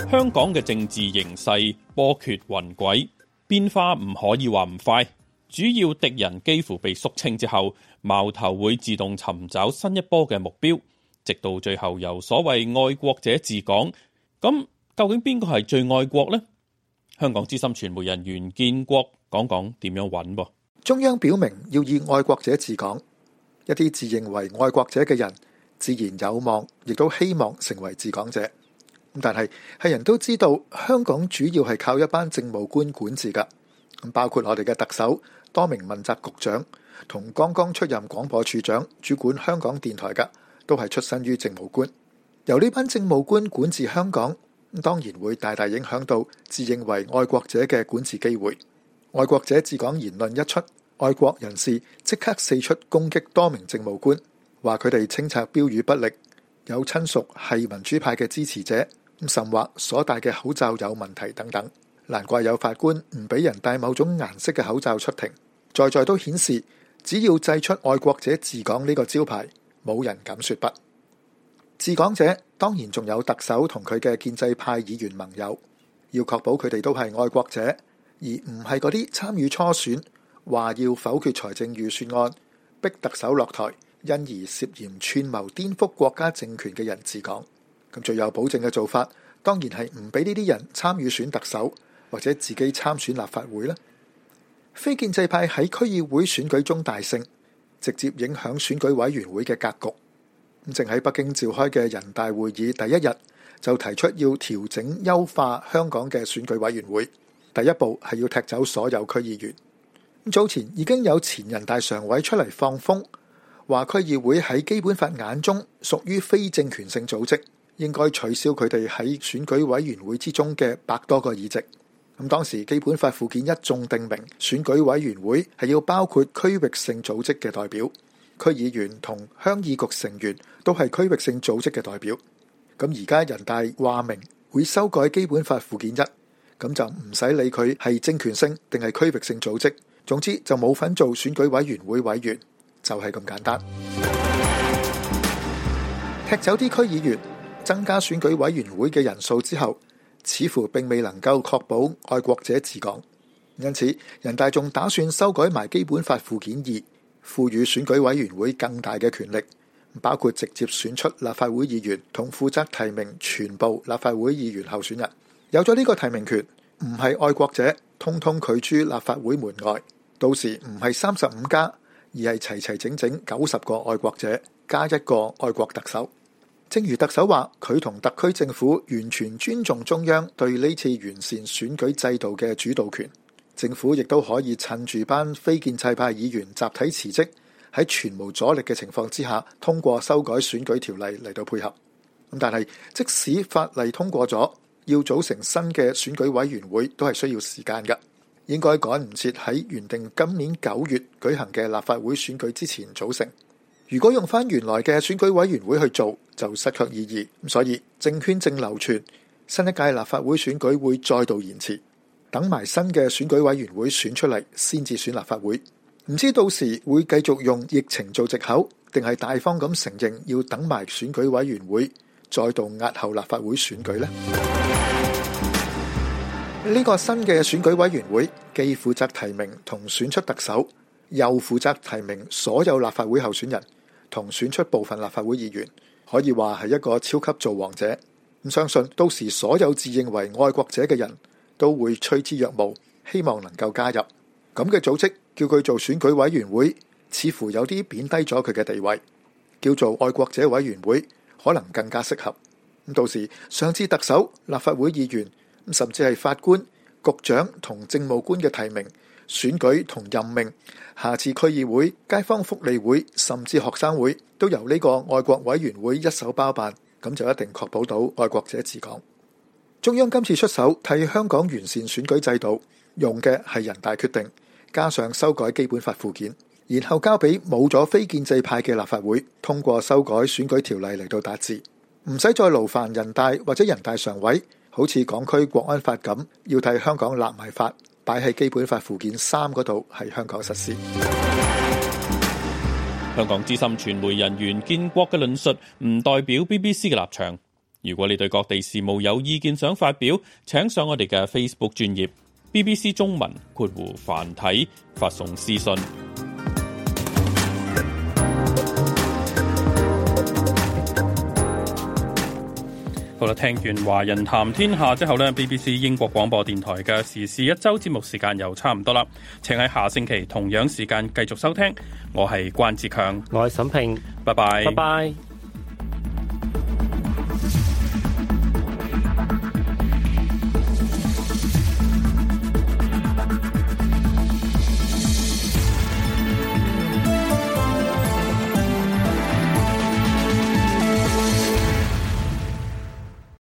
香港嘅政治形勢波譎雲詭，變化唔可以話唔快。主要敵人幾乎被肅清之後，矛頭會自動尋找新一波嘅目標，直到最後由所謂愛國者治港。咁究竟邊個係最愛國咧？香港資深傳媒人袁建國講講點樣揾？中央表明要以愛國者治港，一啲自認為愛國者嘅人，自然有望，亦都希望成為治港者。但係，係人都知道，香港主要係靠一班政務官管治噶。包括我哋嘅特首，多名問責局長，同剛剛出任廣播處長，主管香港電台噶都係出身於政務官。由呢班政務官管治香港，當然會大大影響到自認為愛國者嘅管治機會。愛國者治港言論一出，愛國人士即刻四出攻擊多名政務官，話佢哋清拆標語不力，有親屬係民主派嘅支持者。甚或所戴嘅口罩有問題等等，難怪有法官唔俾人戴某種顏色嘅口罩出庭，在在都顯示，只要祭出愛國者治港呢個招牌，冇人敢說不。治港者當然仲有特首同佢嘅建制派議員盟友，要確保佢哋都係愛國者，而唔係嗰啲參與初選，話要否決財政預算案，逼特首落台，因而涉嫌串謀顛覆國家政權嘅人治港。最有保證嘅做法，當然係唔俾呢啲人參與選特首，或者自己參選立法會啦。非建制派喺區議會選舉中大勝，直接影響選舉委員會嘅格局。正喺北京召開嘅人大會議第一日，就提出要調整、優化香港嘅選舉委員會。第一步係要踢走所有區議員。早前已經有前人大常委出嚟放風，話區議會喺基本法眼中屬於非政權性組織。應該取消佢哋喺選舉委員會之中嘅百多個議席。咁當時基本法附件一仲定明，選舉委員會係要包括區域性組織嘅代表、區議員同鄉議局成員都係區域性組織嘅代表。咁而家人大話明會修改基本法附件一，咁就唔使理佢係政權性定係區域性組織，總之就冇份做選舉委員會委員，就係咁簡單。踢走啲區議員。增加選舉委員會嘅人數之後，似乎並未能夠確保愛國者治港，因此人大仲打算修改埋基本法附件二，賦予選舉委員會更大嘅權力，包括直接選出立法會議員同負責提名全部立法會議員候選人。有咗呢個提名權，唔係愛國者，通通拒諸立法會門外。到時唔係三十五加，而係齊齊整整九十個愛國者加一個愛國特首。正如特首話，佢同特區政府完全尊重中央對呢次完善選舉制度嘅主導權，政府亦都可以趁住班非建制派議員集體辭職，喺全無阻力嘅情況之下，通過修改選舉條例嚟到配合。咁但係即使法例通過咗，要組成新嘅選舉委員會都係需要時間㗎，應該趕唔切喺原定今年九月舉行嘅立法會選舉之前組成。如果用翻原來嘅選舉委員會去做，就失去意義。所以，政圈正流傳新一屆立法會選舉會再度延遲，等埋新嘅選舉委員會選出嚟先至選立法會。唔知到時會繼續用疫情做藉口，定係大方咁承認要等埋選舉委員會再度押後立法會選舉呢？呢個新嘅選舉委員會既負責提名同選出特首，又負責提名所有立法會候選人。同選出部分立法會議員，可以話係一個超級造王者。咁相信，到時所有自認為愛國者嘅人都會趨之若鶩，希望能夠加入。咁嘅組織叫佢做選舉委員會，似乎有啲貶低咗佢嘅地位。叫做愛國者委員會，可能更加適合。咁到時上至特首、立法會議員，甚至係法官、局長同政務官嘅提名，選舉同任命，下次區議會、街坊福利會甚至學生會，都由呢個愛國委員會一手包辦，咁就一定確保到愛國者治港。中央今次出手替香港完善選舉制度，用嘅係人大決定，加上修改基本法附件，然後交俾冇咗非建制派嘅立法會通過修改選舉條例嚟到達至，唔使再勞煩人大或者人大常委，好似港區國安法咁要替香港立埋法。擺喺基本法附件三嗰度，係香港實施。香港資深傳媒人員建國嘅論述唔代表 BBC 嘅立場。如果你對各地事務有意見想發表，請上我哋嘅 Facebook 專頁 BBC 中文括弧繁體，發送私信。好啦，聽完華人談天下之後呢，BBC 英國廣播電台嘅時事一周節目時間又差唔多啦，請喺下星期同樣時間繼續收聽。我係關志強，我係沈平，拜拜 bye，拜拜。